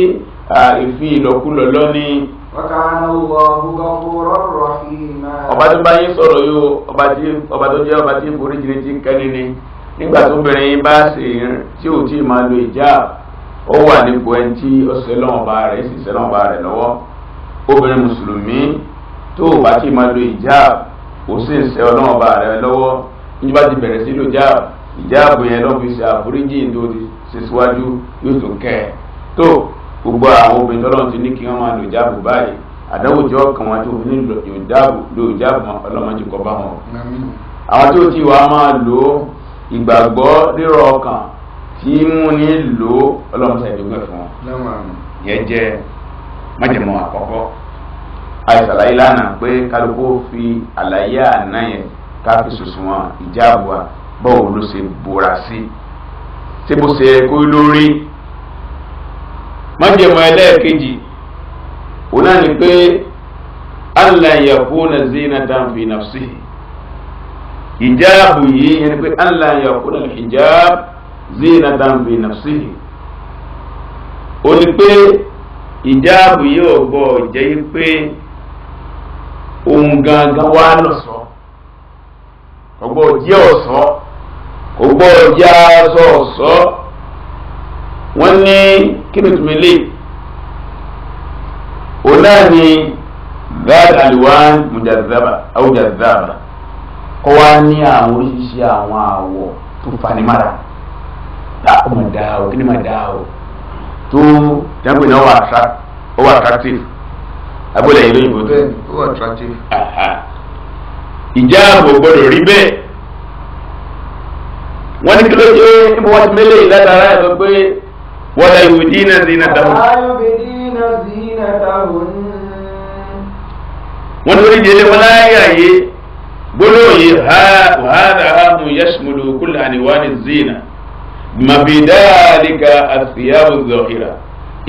ìfi ìlọ́kulọ lọ́ni. ọba tó bá yín sọ̀rọ̀ yóò ọba tó jẹ́ ọba tí borí jìnnì ti ń kẹ́ni ni nígbà tó bẹ̀rẹ̀ yín bá sì ń tí ò tí ì máa lo ìjà ó wà nípò ẹni tí ó sẹ́lọ̀n ba rẹ̀ sì sẹ́lọ̀n ba rẹ̀ lọ́wọ́ obìnrin mùsùlùmí tó o bá tí ì máa lo ìjà ò sì ń sẹ́ ọlọ́run ba rẹ̀ lọ́wọ́ nígbà tí bẹ̀rẹ̀ sí lo ìjà ìjáàbù yẹn lọ́ fi ṣe àforíjì ìdórí ṣe síwájú yóò tún kẹ́ ẹ̀ tó gbogbo àwọn obìnrin tọ́lọ́ ti ní kí wọ́n máa lò ìjáàbù báyìí àdánwò jọ kàn wọ́n tó fi ní lò ìjáàbù lò ìjáàbù ọlọ́mọdé kọ́ bá wọn. àwọn tó ti wá máa lò ìgbàgbọ́ rírọ̀ ọkàn tí mú ní lò ọlọ́mọdé ìdógún fún wọn. yẹn jẹ́ májèmọ́ àkọ́kọ́ àìsàlàyé lánàá pé kálukú fi àlàyé àná yẹn ká fi sùsùn wọn bọ́ọ̀ ló ṣe bora sí ṣé bó ṣe kó lórí májèmọ́ ẹlẹ́ẹ̀kejì òun náà ni pé allah yakuna zinatan fi nafsihi hijabu yìí yẹn pé allah yakuna hijab zinatan fi nafsihi ó ní pé hijabu yìí ò gbọ́ jẹ́ pé òun gangan wà lọ́sọ̀ọ́ ọgbọ́n jẹ́ ọ̀sán kò gbọ́dọ̀ jẹ́ wọ́n ní kenneth mele òun náà ni gad aliwan mujazaba awujazaba kọ́ wa ní àwọn oríṣiríṣi àwọn àwọ̀ tó fanimára láàkó máa o kí ni máa dáa o tó dábò náà wà attract ó wà attractive abúlé ìlú òyìnbó tó ó wà attractive. ìjà àbò gbọdọ̀ rí bẹ́ẹ̀ wọ́n ní kí ló ṣe ibi wọ́n ti mélé ìlẹ́tara ẹ̀ sọ pé wọ́n lè yù dín náà zina tàwọn. wọ́n lórí ìdílé wọn láyé àyè gbólóyè ha hàdà hàmù yashmulu kulla àníwáni zina mabidalika asiyabu zọhira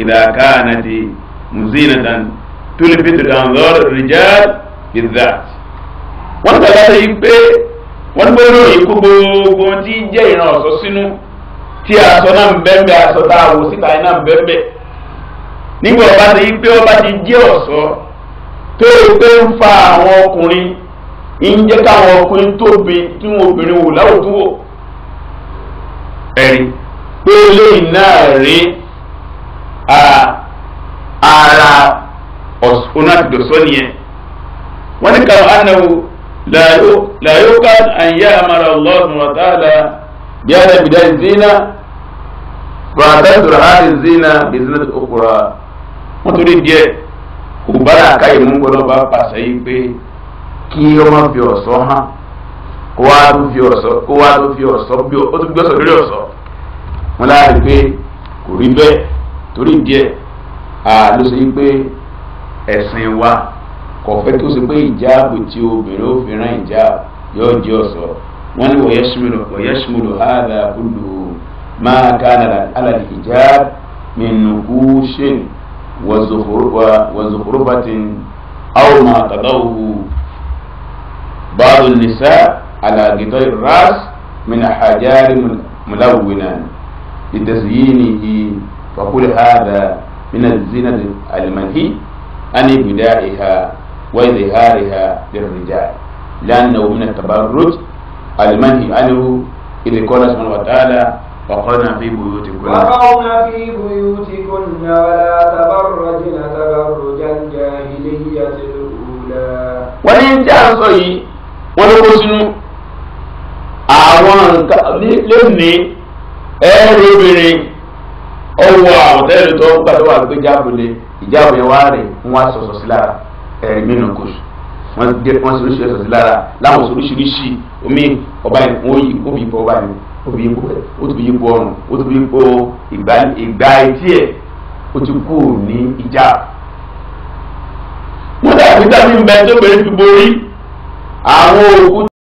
ìdàkánati muzinatan tulifitu danzor rijal bizat. wọ́n tẹ̀lé ayé pé. wọ́n gbé lórí ikú gbogbo tí ń jẹ́ ìran ọ̀sọ́ sínú tí aṣọ náà ń bẹ́ẹ̀ aṣọ tá a wò síta iná ń nígbà ọba ti pé ọba ti jẹ́ ọ̀sọ́ tó o pé ń fa àwọn ọkùnrin ń jẹ́ káwọn ọkùnrin tóbi tí wọn obìnrin لا يمكن أن يأمر الله وتعالى بهذا بداية الزينة وتستر هذه الزينة بزينة أخرى wọ́n torí díẹ̀ kò bára àkáyè mú bá pé kí fi ọ̀ṣọ́ ha kó wá tó fi ọ̀ṣọ́ kò fẹ́ kó ṣe pé ìjáàbù tí obìnrin ó fi rán ìjáàbù yóò jẹ́ ọ̀ṣọ́ wọ́n ní wọ̀yẹ́sùmùlò wọ̀yẹ́sùmùlò ààbà kúlù máa ká alàlì ìjáàbù mẹ́nukú ṣe wọ̀zùkúrúbàtìn àwọn máa tàdáwù báàlù nìṣá àlàgìtọ́ ras mẹ́nà àjáàrí mùláwìnà ìdẹ̀sìyìnìyí fàkúlẹ̀ ààbà mẹ́nà zínà àlìmọ̀hí á ní bìdá ìhà. وإظهارها للرجال لأنه من التبرج المنهي عنه إذ قال سبحانه وتعالى وقرنا في بيوتكن وقرنا في بيوتكن ولا تبرجن تبرج الجاهلية الأولى وإن جاء ولو سنو àwọn nǹkan lónìí ẹ̀rọ obìnrin ọwọ́ àwọn tẹ́lẹ̀ tó ń gbàdúrà pé jáàbù lé ìjáàbù rè ń wá sọ̀sọ̀ sí lára ẹ̀rí nínú kò wọ́n dé wọ́n ṣe oríṣiríṣi ọ̀sẹ̀ lára láwọn oríṣiríṣi omi ọba yìí wọ́n yí omi ìbọn ọba yìí omi yìí pẹ̀ ó ti yí pọ̀ ọrùn ó ti yí pọ̀ ìgbà etí ẹ̀ ó ti kú ní ìjà. wọ́n dàbí dábì ń bẹ tó pé fi borí àwọn òkú.